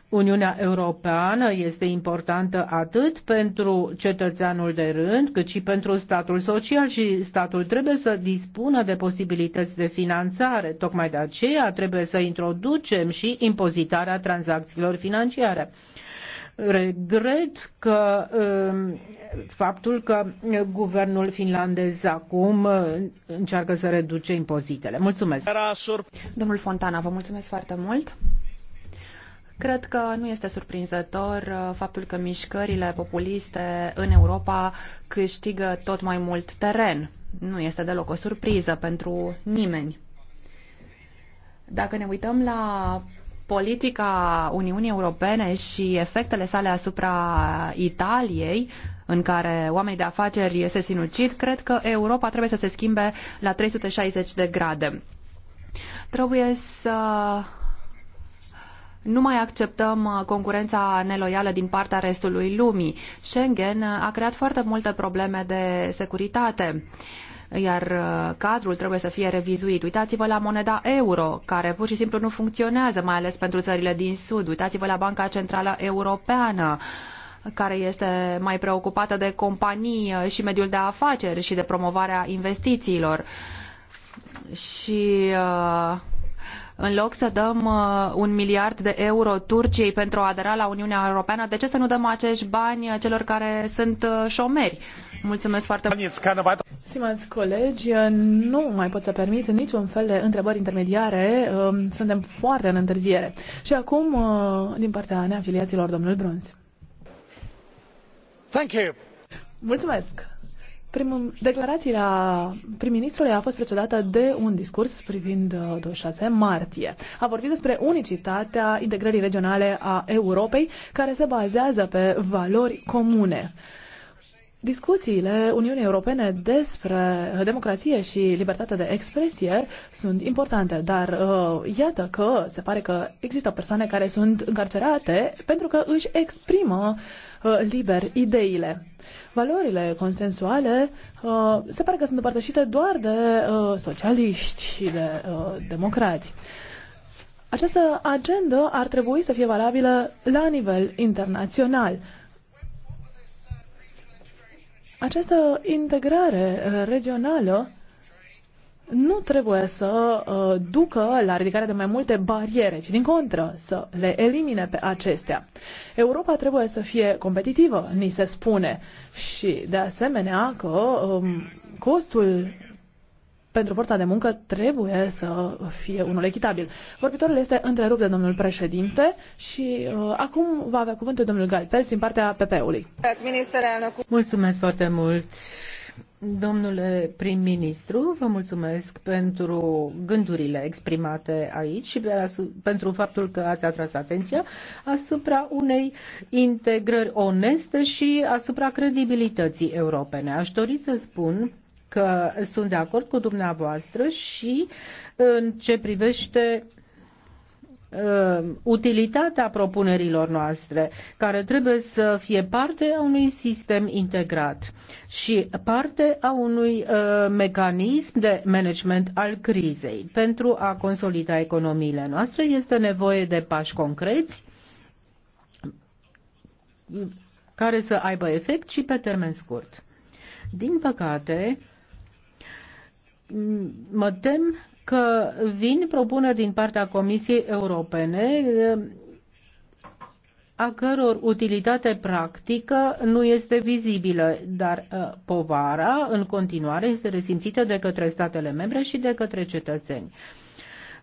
Uniunea Europeană este importantă atât pentru cetățeanul de rând, cât și pentru statul social și statul trebuie să dispună de posibilități de finanțare. Tocmai de aceea trebuie să introducem și impozitarea tranzacțiilor financiare. Regret că um, faptul că guvernul finlandez acum uh, încearcă să reduce impozitele. Mulțumesc. Domnul Fontana, vă mulțumesc foarte mult. Cred că nu este surprinzător uh, faptul că mișcările populiste în Europa câștigă tot mai mult teren. Nu este deloc o surpriză pentru nimeni. Dacă ne uităm la politica Uniunii Europene și efectele sale asupra Italiei, în care oamenii de afaceri se sinucid, cred că Europa trebuie să se schimbe la 360 de grade. Trebuie să nu mai acceptăm uh, concurența neloială din partea restului lumii. Schengen uh, a creat foarte multe probleme de securitate iar uh, cadrul trebuie să fie revizuit. Uitați-vă la moneda euro, care pur și simplu nu funcționează, mai ales pentru țările din Sud. Uitați-vă la Banca Centrală Europeană care este mai preocupată de companii și mediul de afaceri și de promovarea investițiilor. Și uh, în loc să dăm uh, un miliard de euro Turciei pentru a adera la Uniunea Europeană, de ce să nu dăm acești bani celor care sunt uh, șomeri? Mulțumesc foarte mult! Stimați colegi, nu mai pot să permit niciun fel de întrebări intermediare. Um, suntem foarte în întârziere. Și acum, uh, din partea neafiliaților, domnul Bruns. Thank you. Mulțumesc! Prim, declarația prim-ministrului a fost precedată de un discurs privind 26 uh, martie. A vorbit despre unicitatea integrării regionale a Europei, care se bazează pe valori comune. Discuțiile Uniunii Europene despre democrație și libertatea de expresie sunt importante, dar uh, iată că se pare că există persoane care sunt încarcerate pentru că își exprimă uh, Uh, liber ideile. Valorile consensuale uh, se pare că sunt împărtășite doar de uh, socialiști și de democrați. Această agendă ar trebui să fie valabilă la nivel internațional. Această integrare regională nu trebuie să uh, ducă la ridicarea de mai multe bariere, ci din contră să le elimine pe acestea. Europa trebuie să fie competitivă, ni se spune, și de asemenea că um, costul pentru forța de muncă trebuie să fie unul echitabil. Vorbitorul este întrerupt de domnul președinte și uh, acum va avea cuvântul domnul Galpers din partea PP-ului. Mulțumesc foarte mult Domnule prim-ministru, vă mulțumesc pentru gândurile exprimate aici și pentru faptul că ați atras atenția asupra unei integrări oneste și asupra credibilității europene. Aș dori să spun că sunt de acord cu dumneavoastră și în ce privește Uh, utilitatea propunerilor noastre, care trebuie să fie parte a unui sistem integrat și parte a unui uh, mecanism de management al crizei. Pentru a consolida economiile noastre este nevoie de pași concreți care să aibă efect și pe termen scurt. Din păcate, mă tem că vin propuneri din partea Comisiei Europene a căror utilitate practică nu este vizibilă, dar ă, povara în continuare este resimțită de către statele membre și de către cetățeni.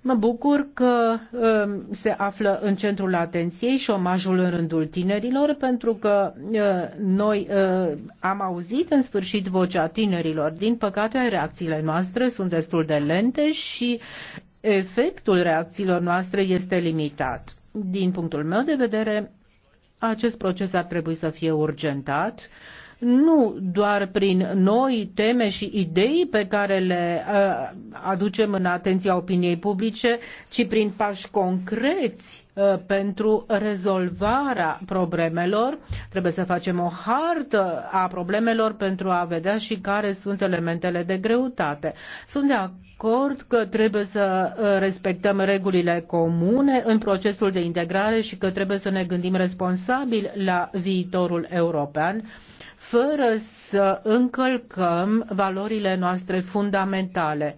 Mă bucur că um, se află în centrul atenției șomajul în rândul tinerilor, pentru că uh, noi uh, am auzit în sfârșit vocea tinerilor. Din păcate, reacțiile noastre sunt destul de lente și efectul reacțiilor noastre este limitat. Din punctul meu de vedere, acest proces ar trebui să fie urgentat nu doar prin noi teme și idei pe care le uh, aducem în atenția opiniei publice, ci prin pași concreți uh, pentru rezolvarea problemelor. Trebuie să facem o hartă a problemelor pentru a vedea și care sunt elementele de greutate. Sunt de acord că trebuie să uh, respectăm regulile comune în procesul de integrare și că trebuie să ne gândim responsabil la viitorul european fără să încălcăm valorile noastre fundamentale.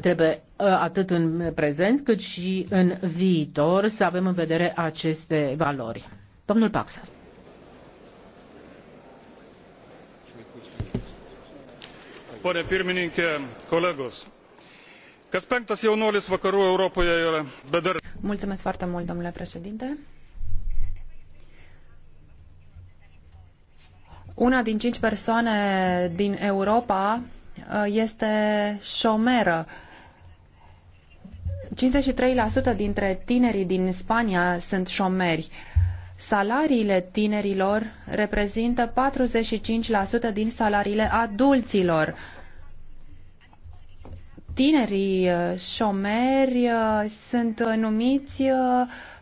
Trebuie ă, atât în prezent cât și în viitor să avem în vedere aceste valori. Domnul Paxas. Pone pirmininkė, kolegos. Kas penktas jaunuolis vakarų Europoje yra bedarbis. Mulțumesc foarte mult, domnule președinte. Una din cinci persoane din Europa uh, este șomeră. 53% dintre tinerii din Spania sunt șomeri. Salariile tinerilor reprezintă 45% din salariile adulților. Tinerii uh, șomeri uh, sunt numiți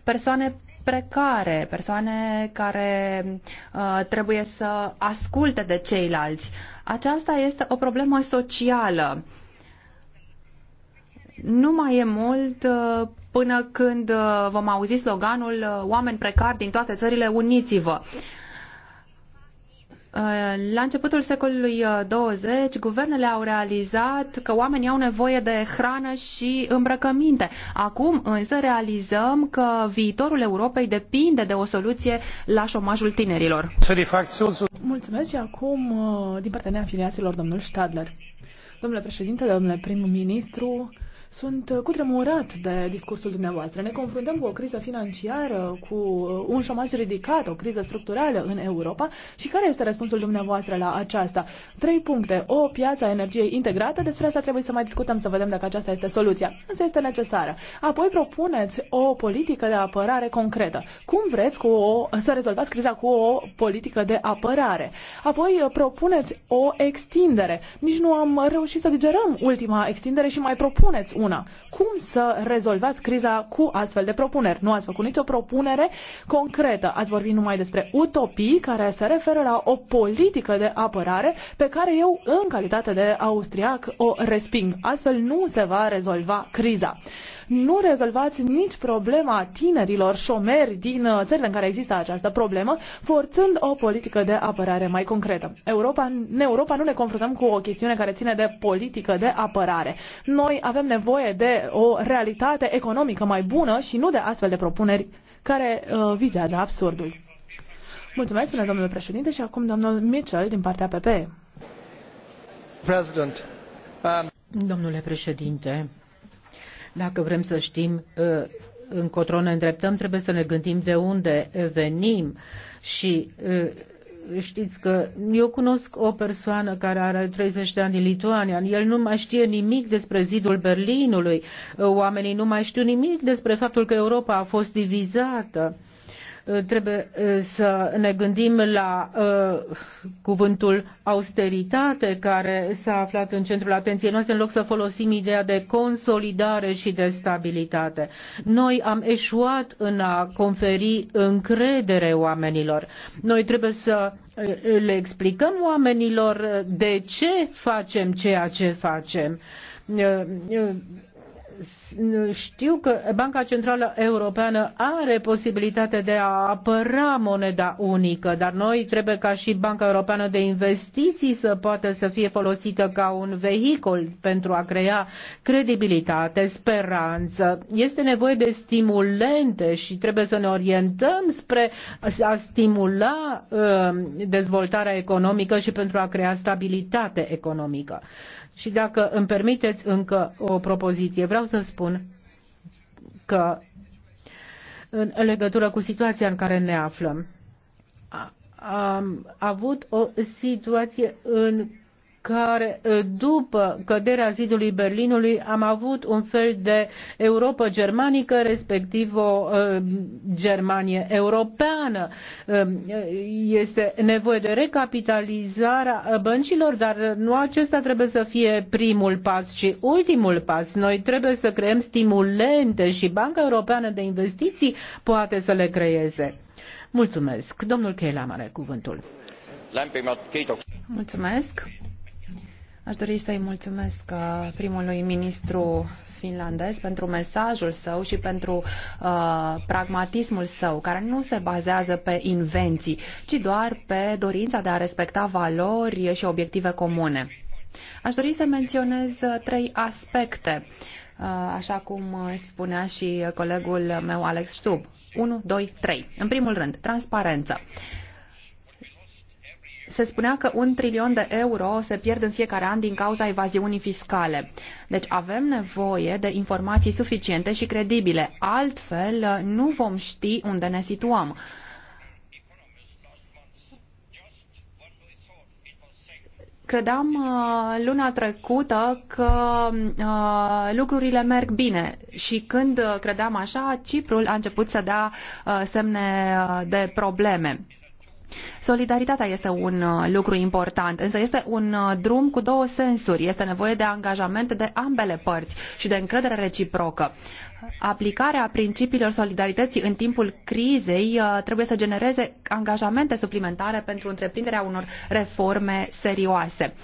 persoane precare, persoane care uh, trebuie să asculte de ceilalți. Aceasta este o problemă socială. Nu mai e mult uh, până când uh, vom auzi sloganul uh, oameni precari din toate țările, uniți-vă. Uh, Uh, la începutul secolului 20, uh, guvernele au realizat că oamenii au nevoie de hrană și îmbrăcăminte. Acum însă realizăm că viitorul Europei depinde de o soluție la șomajul tinerilor. Mulțumesc și acum uh, din partea neafiliaților domnul Stadler. Domnule președinte, domnule prim-ministru, sunt uh, cutremurat de discursul dumneavoastră. Ne confruntăm cu o criză financiară, cu uh, un șomaj ridicat, o criză structurală în Europa. Și care este răspunsul dumneavoastră la aceasta? Trei puncte. O piață a energiei integrată. Despre asta trebuie să mai discutăm, să vedem dacă aceasta este soluția. Însă este necesară. Apoi propuneți o politică de apărare concretă. Cum vreți cu o, să rezolvați criza cu o politică de apărare? Apoi uh, propuneți o extindere. Nici nu am reușit să digerăm ultima extindere și mai propuneți una. Cum să rezolvați criza cu astfel de propuneri? Nu ați făcut nicio propunere concretă. Ați vorbit numai despre utopii care se referă la o politică de apărare pe care eu, în calitate de austriac, o resping. Astfel nu se va rezolva criza. Nu rezolvați nici problema tinerilor șomeri din uh, țările în care există această problemă, forțând o politică de apărare mai concretă. Europa, în Europa nu ne confruntăm cu o chestiune care ține de politică de apărare. Noi avem nevoie nevoie de o realitate economică mai bună și nu de astfel de propuneri care uh, vizează absurdul. Mulțumesc, spune domnul președinte, și acum domnul Mitchell din partea PPE. President, um... Domnule președinte, dacă vrem să știm uh, încotro ne îndreptăm, trebuie să ne gândim de unde venim și uh, știți că eu cunosc o persoană care are 30 de ani din Lituania, el nu mai știe nimic despre zidul Berlinului, oamenii nu mai știu nimic despre faptul că Europa a fost divizată. Uh, trebuie uh, să ne gândim la uh, cuvântul austeritate care s-a aflat în centrul atenției noastre în loc să folosim ideea de consolidare și de stabilitate. Noi am eșuat în a conferi încredere oamenilor. Noi trebuie să le explicăm oamenilor de ce facem ceea ce facem știu că Banca Centrală Europeană are posibilitatea de a apăra moneda unică, dar noi trebuie ca și Banca Europeană de Investiții să poată să fie folosită ca un vehicol pentru a crea credibilitate, speranță. Este nevoie de stimulente și trebuie să ne orientăm spre a stimula uh, dezvoltarea economică și pentru a crea stabilitate economică. Și dacă îmi permiteți încă o propoziție, vreau să spun că în legătură cu situația în care ne aflăm, am avut o situație în care ă, după căderea zidului Berlinului am avut un fel de Europa germanică, respectiv o uh, Germanie europeană. Uh, este nevoie de recapitalizarea băncilor, dar nu acesta trebuie să fie primul pas, ci ultimul pas. Noi trebuie să creăm stimulente și Banca Europeană de Investiții poate să le creeze. Mulțumesc. Domnul Cheila are cuvântul. Mulțumesc. Aș dori să-i mulțumesc uh, primului ministru finlandez pentru mesajul său și pentru uh, pragmatismul său, care nu se bazează pe invenții, ci doar pe dorința de a respecta valori și obiective comune. Aș dori să menționez uh, trei aspecte, uh, așa cum uh, spunea și colegul meu Alex Stub. 1, 2, 3. În primul rând, transparență. Uh, se spunea că un trilion de euro se pierd în fiecare an din cauza evaziunii fiscale. Deci avem nevoie de informații suficiente și credibile, altfel nu vom ști unde ne situăm. credeam uh, luna trecută că uh, lucrurile merg bine și când credeam așa, Ciprul a început să dea uh, semne de probleme. Solidaritatea este un uh, lucru important, însă este un uh, drum cu două sensuri. Este nevoie de angajament de ambele părți și de încredere reciprocă. Aplicarea principiilor solidarității în timpul crizei uh, trebuie să genereze angajamente suplimentare pentru întreprinderea unor reforme serioase.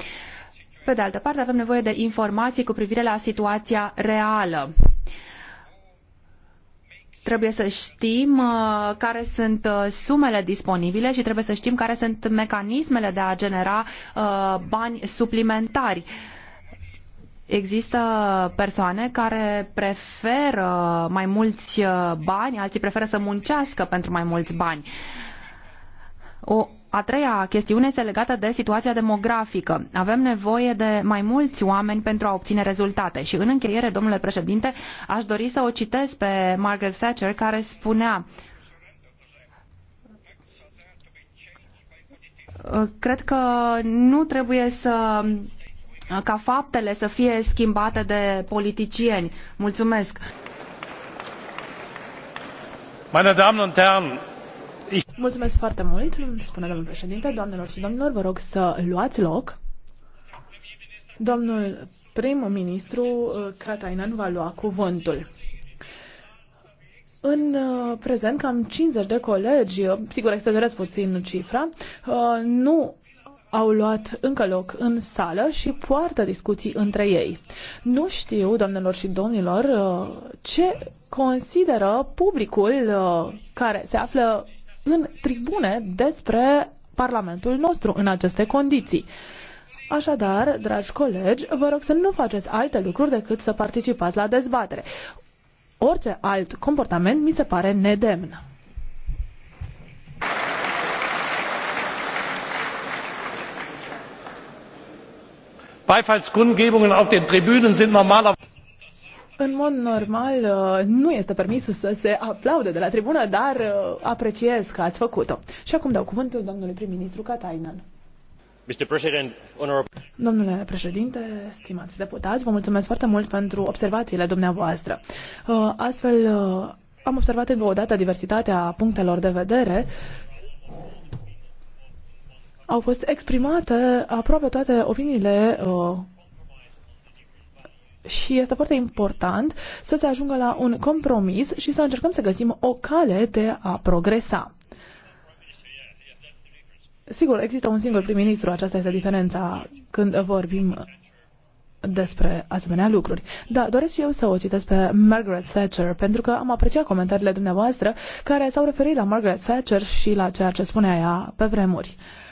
Pe de altă parte, avem nevoie de informații cu privire la situația reală Trebuie să știm uh, care sunt uh, sumele disponibile și trebuie să știm care sunt mecanismele de a genera uh, bani suplimentari. Există persoane care preferă mai mulți bani, alții preferă să muncească pentru mai mulți bani. O a treia chestiune este legată de situația demografică. Avem nevoie de mai mulți oameni pentru a obține rezultate. Și în încheiere, domnule președinte, aș dori să o citesc pe Margaret Thatcher, care spunea Cred că nu trebuie să ca faptele să fie schimbate de politicieni. Mulțumesc! Meine Damen und Herren, Mulțumesc foarte mult, spune domnul președinte, doamnelor și domnilor, vă rog să luați loc. Domnul prim-ministru Katainen uh, va lua cuvântul. În uh, prezent, cam 50 de colegi, uh, sigur exagerez puțin cifra, nu au luat încă loc în sală și poartă discuții între ei. Nu știu, doamnelor și domnilor, ce consideră publicul care se află în tribune despre Parlamentul nostru în aceste condiții. Așadar, dragi colegi, vă rog să nu faceți alte lucruri decât să participați la dezbatere. Orice alt comportament mi se pare nedemn. beifallskundgebungen auf den tribünen sind normalerweise în mod normal uh, nu este permis să se aplaude de la tribună, dar uh, apreciez că ați făcut-o. Și acum dau cuvântul domnului prim-ministru Katainen. Domnule președinte, stimați deputați, vă mulțumesc foarte mult pentru observațiile dumneavoastră. Uh, astfel, am observat încă o dată diversitatea punctelor de vedere au fost exprimate aproape toate opiniile uh, și este foarte important să se ajungă la un compromis și să încercăm să găsim o cale de a progresa. Sigur, există un singur prim-ministru, aceasta este diferența când vorbim despre asemenea lucruri. Da, doresc și eu să o citesc pe Margaret Thatcher, pentru că am apreciat comentariile dumneavoastră care s-au referit la Margaret Thatcher și la ceea ce spunea ea pe vremuri. Uh,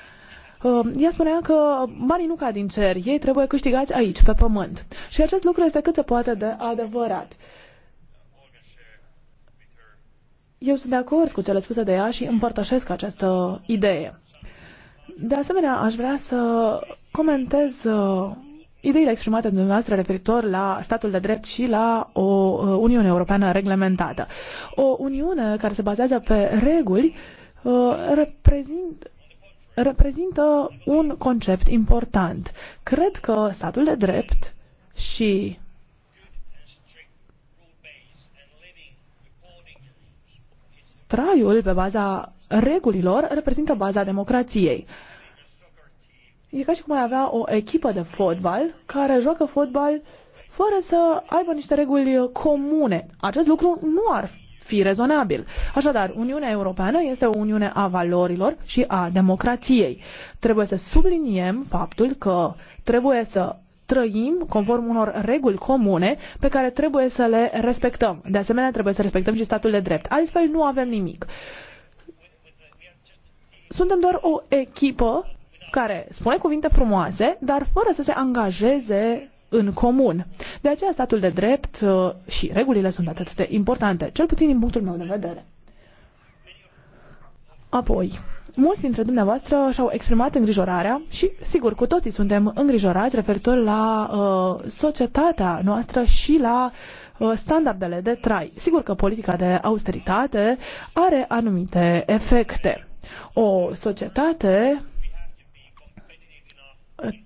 Ă, ea spunea că banii nu cad din cer, ei trebuie câștigați aici, pe pământ. Și acest lucru este cât se poate de adevărat. Eu sunt de acord cu cele spuse de ea și împărtășesc această idee. De asemenea, aș vrea să comentez ă, ideile exprimate de dumneavoastră referitor la statul de drept și la o ă, Uniune Europeană reglementată. O Uniune care se bazează pe reguli reprezint, reprezintă un concept important. Cred că statul de drept și traiul pe baza regulilor reprezintă baza democrației. E ca și cum ai avea o echipă de fotbal care joacă fotbal fără să aibă niște reguli comune. Acest lucru nu ar fi rezonabil. Așadar, Uniunea Europeană este o uniune a valorilor și a democrației. Trebuie să subliniem faptul că trebuie să trăim conform unor reguli comune pe care trebuie să le respectăm. De asemenea, trebuie să respectăm și statul de drept. Altfel nu avem nimic. Suntem doar o echipă care spune cuvinte frumoase, dar fără să se angajeze în comun. De aceea statul de drept uh, și regulile sunt atât de importante, cel puțin din punctul meu de vedere. Apoi, mulți dintre dumneavoastră și-au exprimat îngrijorarea și, sigur, cu toții suntem îngrijorați referitor la uh, societatea noastră și la uh, standardele de trai. Sigur că politica de austeritate are anumite efecte. O societate uh,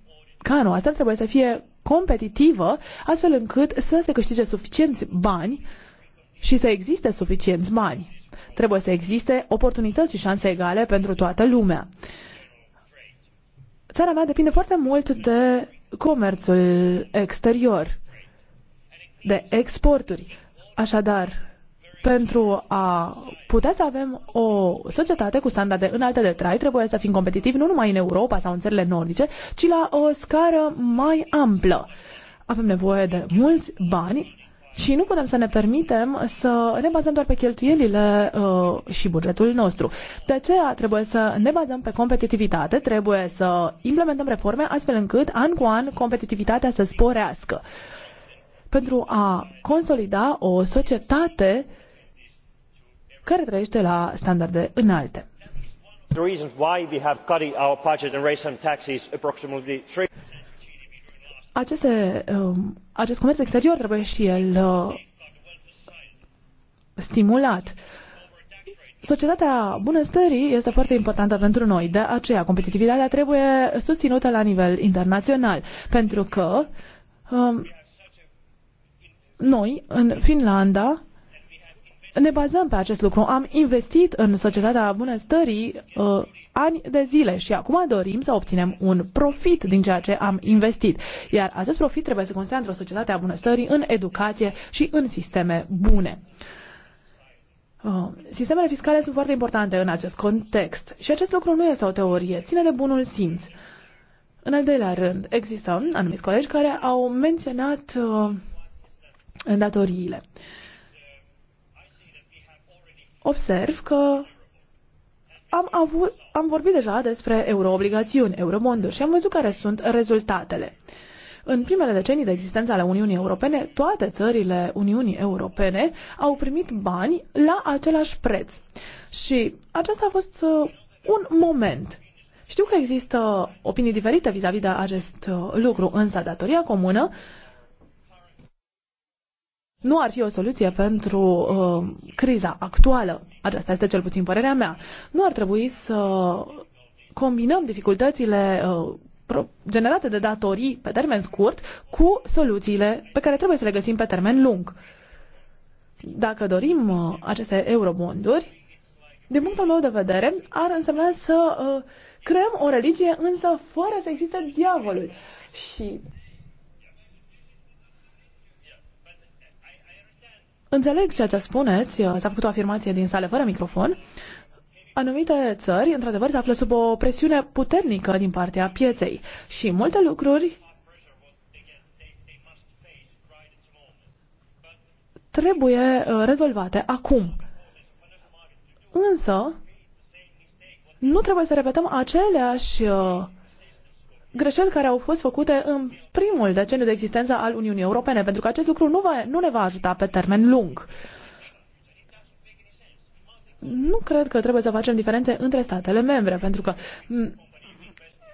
ca noastră trebuie să fie competitivă, astfel încât să se câștige suficienți bani și să existe suficienți bani. Trebuie să existe oportunități și șanse egale pentru toată lumea. Țara mea depinde foarte mult de comerțul exterior, de exporturi. Așadar, pentru a putea să avem o societate cu standarde înalte de trai, trebuie să fim competitivi nu numai în Europa sau în țările nordice, ci la o scară mai amplă. Avem nevoie de mulți bani și nu putem să ne permitem să ne bazăm doar pe cheltuielile uh, și bugetul nostru. De aceea trebuie să ne bazăm pe competitivitate, trebuie să implementăm reforme astfel încât an cu an competitivitatea să sporească pentru a consolida o societate uh, care trăiește la standarde înalte. Aceste, um, acest comerț exterior trebuie și el uh, stimulat. Societatea bunăstării este foarte importantă pentru noi, de aceea competitivitatea trebuie susținută la nivel internațional, pentru că um, noi, în Finlanda, ne bazăm pe acest lucru. Am investit în societatea bunăstării uh, ani de zile și acum dorim să obținem un profit din ceea ce am investit. Iar acest profit trebuie să constea într-o societate a bunăstării, în educație și în sisteme bune. Uh, sistemele fiscale sunt foarte importante în acest context și acest lucru nu este o teorie, ține de bunul simț. În al doilea rând, există anumiți colegi care au menționat uh, îndatoriile. Uh, observ că am, avut, am vorbit deja despre euroobligațiuni, euromonduri și am văzut care sunt rezultatele. În primele decenii de existență ale Uniunii Europene, toate țările Uniunii Europene au primit bani la același preț. Și acesta a fost uh, un moment. Știu că există opinii diferite vis-a-vis -vis de acest uh, lucru, însă datoria comună nu ar fi o soluție pentru uh, criza actuală. Aceasta este cel puțin părerea mea. Nu ar trebui să combinăm dificultățile uh, generate de datorii pe termen scurt cu soluțiile pe care trebuie să le găsim pe termen lung. Dacă dorim uh, aceste eurobonduri, din punctul meu de vedere, ar însemna să uh, creăm o religie, însă fără să existe diavolul. Și Înțeleg ceea ce spuneți, s-a făcut o afirmație din sale fără microfon. Anumite țări, într-adevăr, se află sub o presiune puternică din partea pieței și multe lucruri trebuie uh, rezolvate acum. Însă, nu trebuie să repetăm aceleași uh, greșeli care au fost făcute în primul deceniu de existență al Uniunii Europene, pentru că acest lucru nu, va, nu ne va ajuta pe termen lung. Nu cred că trebuie să facem diferențe între statele membre, pentru că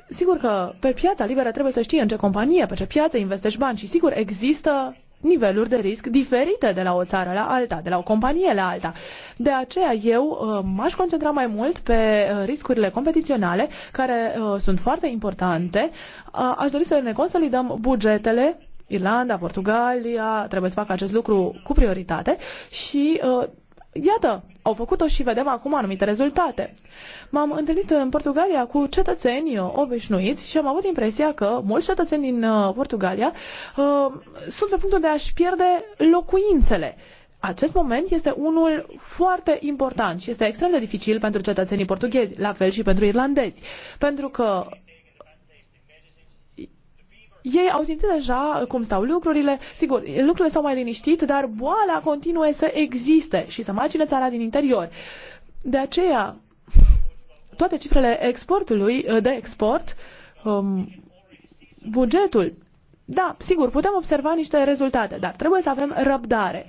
sigur că pe piața liberă trebuie să știi în ce companie, pe ce piață investești bani și sigur există niveluri de risc diferite de la o țară la alta, de la o companie la alta. De aceea eu uh, m-aș concentra mai mult pe uh, riscurile competiționale, care uh, sunt foarte importante. Aș dori să ne consolidăm bugetele Irlanda, Portugalia, trebuie să facă acest lucru cu prioritate și uh, Iată, au făcut-o și vedem acum anumite rezultate. M-am întâlnit în Portugalia cu cetățeni uh, obișnuiți și am avut impresia că mulți cetățeni din uh, Portugalia uh, sunt pe punctul de a-și pierde locuințele. Acest moment este unul foarte important și este extrem de dificil pentru cetățenii portughezi, la fel și pentru irlandezi, pentru că ei au simțit deja cum stau lucrurile. Sigur, lucrurile s-au mai liniștit, dar boala continuă să existe și să macine țara din interior. De aceea, toate cifrele exportului, uh, de export, um, bugetul da, sigur, putem observa niște rezultate, dar trebuie să avem răbdare.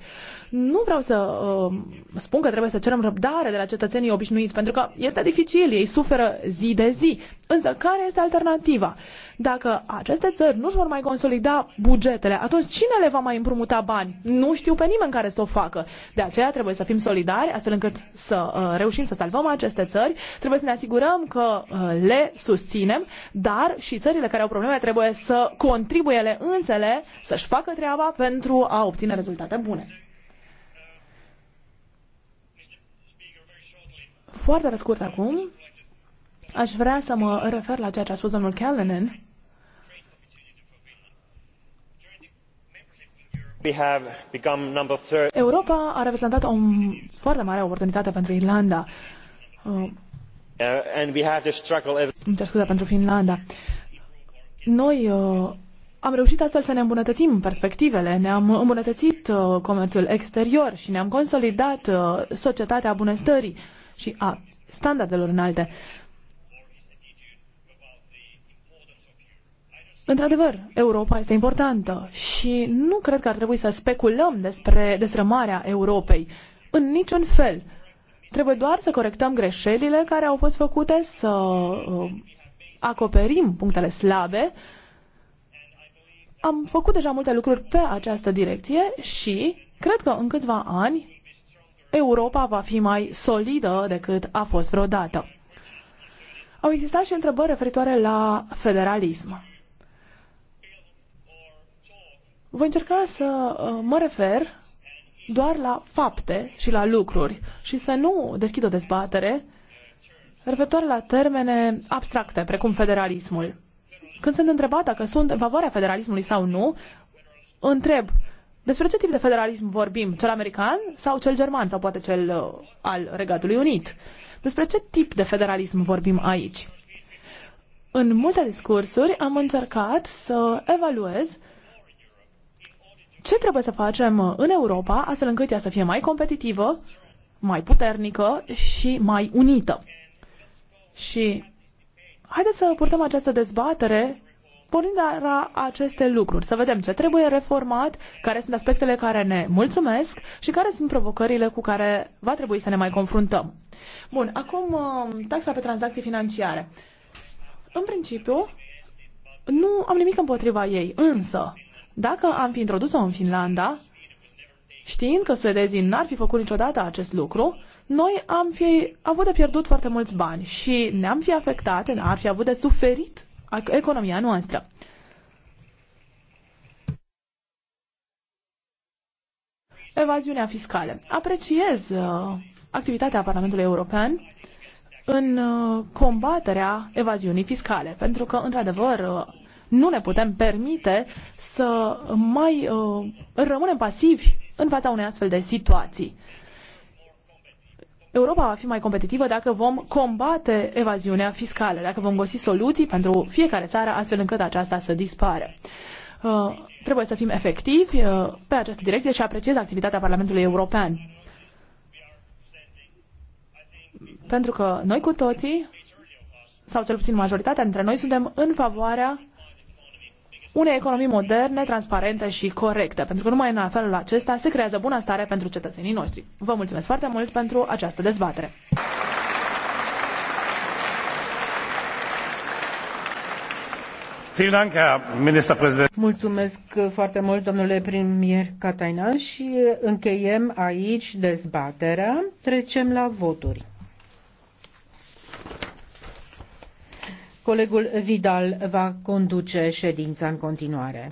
Nu vreau să uh, spun că trebuie să cerem răbdare de la cetățenii obișnuiți, pentru că este dificil, ei suferă zi de zi. Însă, care este alternativa? Dacă aceste țări nu-și vor mai consolida bugetele, atunci cine le va mai împrumuta bani? Nu știu pe nimeni care să o facă. De aceea trebuie să fim solidari, astfel încât să uh, reușim să salvăm aceste țări. Trebuie să ne asigurăm că uh, le susținem, dar și țările care au probleme trebuie să contribuie ele însele, să-și facă treaba pentru a obține rezultate bune. Foarte scurt acum, aș vrea să mă refer la ceea ce a spus domnul Callanan. Europa a reprezentat o foarte mare oportunitate pentru Irlanda. Uh, and we have to struggle... Îmi cer scuze pentru Finlanda. Noi uh, am reușit astfel să ne îmbunătățim perspectivele, ne-am îmbunătățit uh, comerțul exterior și ne-am consolidat uh, societatea bunăstării. Uh, și a standardelor înalte. Într-adevăr, Europa este importantă și nu cred că ar trebui să speculăm despre destrămarea Europei în niciun fel. Trebuie doar să corectăm greșelile care au fost făcute, să uh, acoperim punctele slabe. Am făcut deja multe lucruri pe această direcție și cred că în câțiva ani Europa va fi mai solidă decât a fost vreodată. Au existat și întrebări referitoare la federalism. Voi încerca să uh, mă refer doar la fapte și la lucruri și să nu deschid o dezbatere referitoare la termene abstracte, precum federalismul. Când sunt întrebat dacă sunt în favoarea federalismului sau nu, întreb despre ce tip de federalism vorbim? Cel american sau cel german sau poate cel uh, al Regatului Unit? Despre ce tip de federalism vorbim aici? În multe discursuri am încercat să evaluez ce trebuie să facem în Europa astfel încât ea să fie mai competitivă, mai puternică și mai unită. Și haideți să purtăm această dezbatere pornind de la aceste lucruri, să vedem ce trebuie reformat, care sunt aspectele care ne mulțumesc și care sunt provocările cu care va trebui să ne mai confruntăm. Bun, acum um, taxa pe tranzacții financiare. În principiu, nu am nimic împotriva ei, însă, dacă am fi introdus-o în Finlanda, știind că suedezii n-ar fi făcut niciodată acest lucru, noi am fi avut de pierdut foarte mulți bani și ne-am fi afectat, ne-ar fi avut de suferit economia noastră. Evaziunea fiscală. Apreciez uh, activitatea Parlamentului European în uh, combaterea evaziunii fiscale, pentru că, într-adevăr, uh, nu ne putem permite să mai uh, rămânem pasivi în fața unei astfel de situații. Uh, Europa va fi mai competitivă dacă vom combate evaziunea fiscală, dacă vom găsi soluții pentru fiecare țară astfel încât aceasta să dispară. Uh, trebuie să fim efectivi uh, pe această direcție și apreciez activitatea Parlamentului European. Pentru că noi cu toții, sau cel puțin majoritatea dintre noi, suntem în favoarea unei economii moderne, transparente și corecte, pentru că numai în felul acesta se creează bunăstare pentru cetățenii noștri. Vă mulțumesc foarte mult pentru această dezbatere. Mulțumesc foarte mult, domnule premier Katainen, și încheiem aici dezbaterea. Trecem la voturi. Colegul Vidal va conduce ședința în continuare.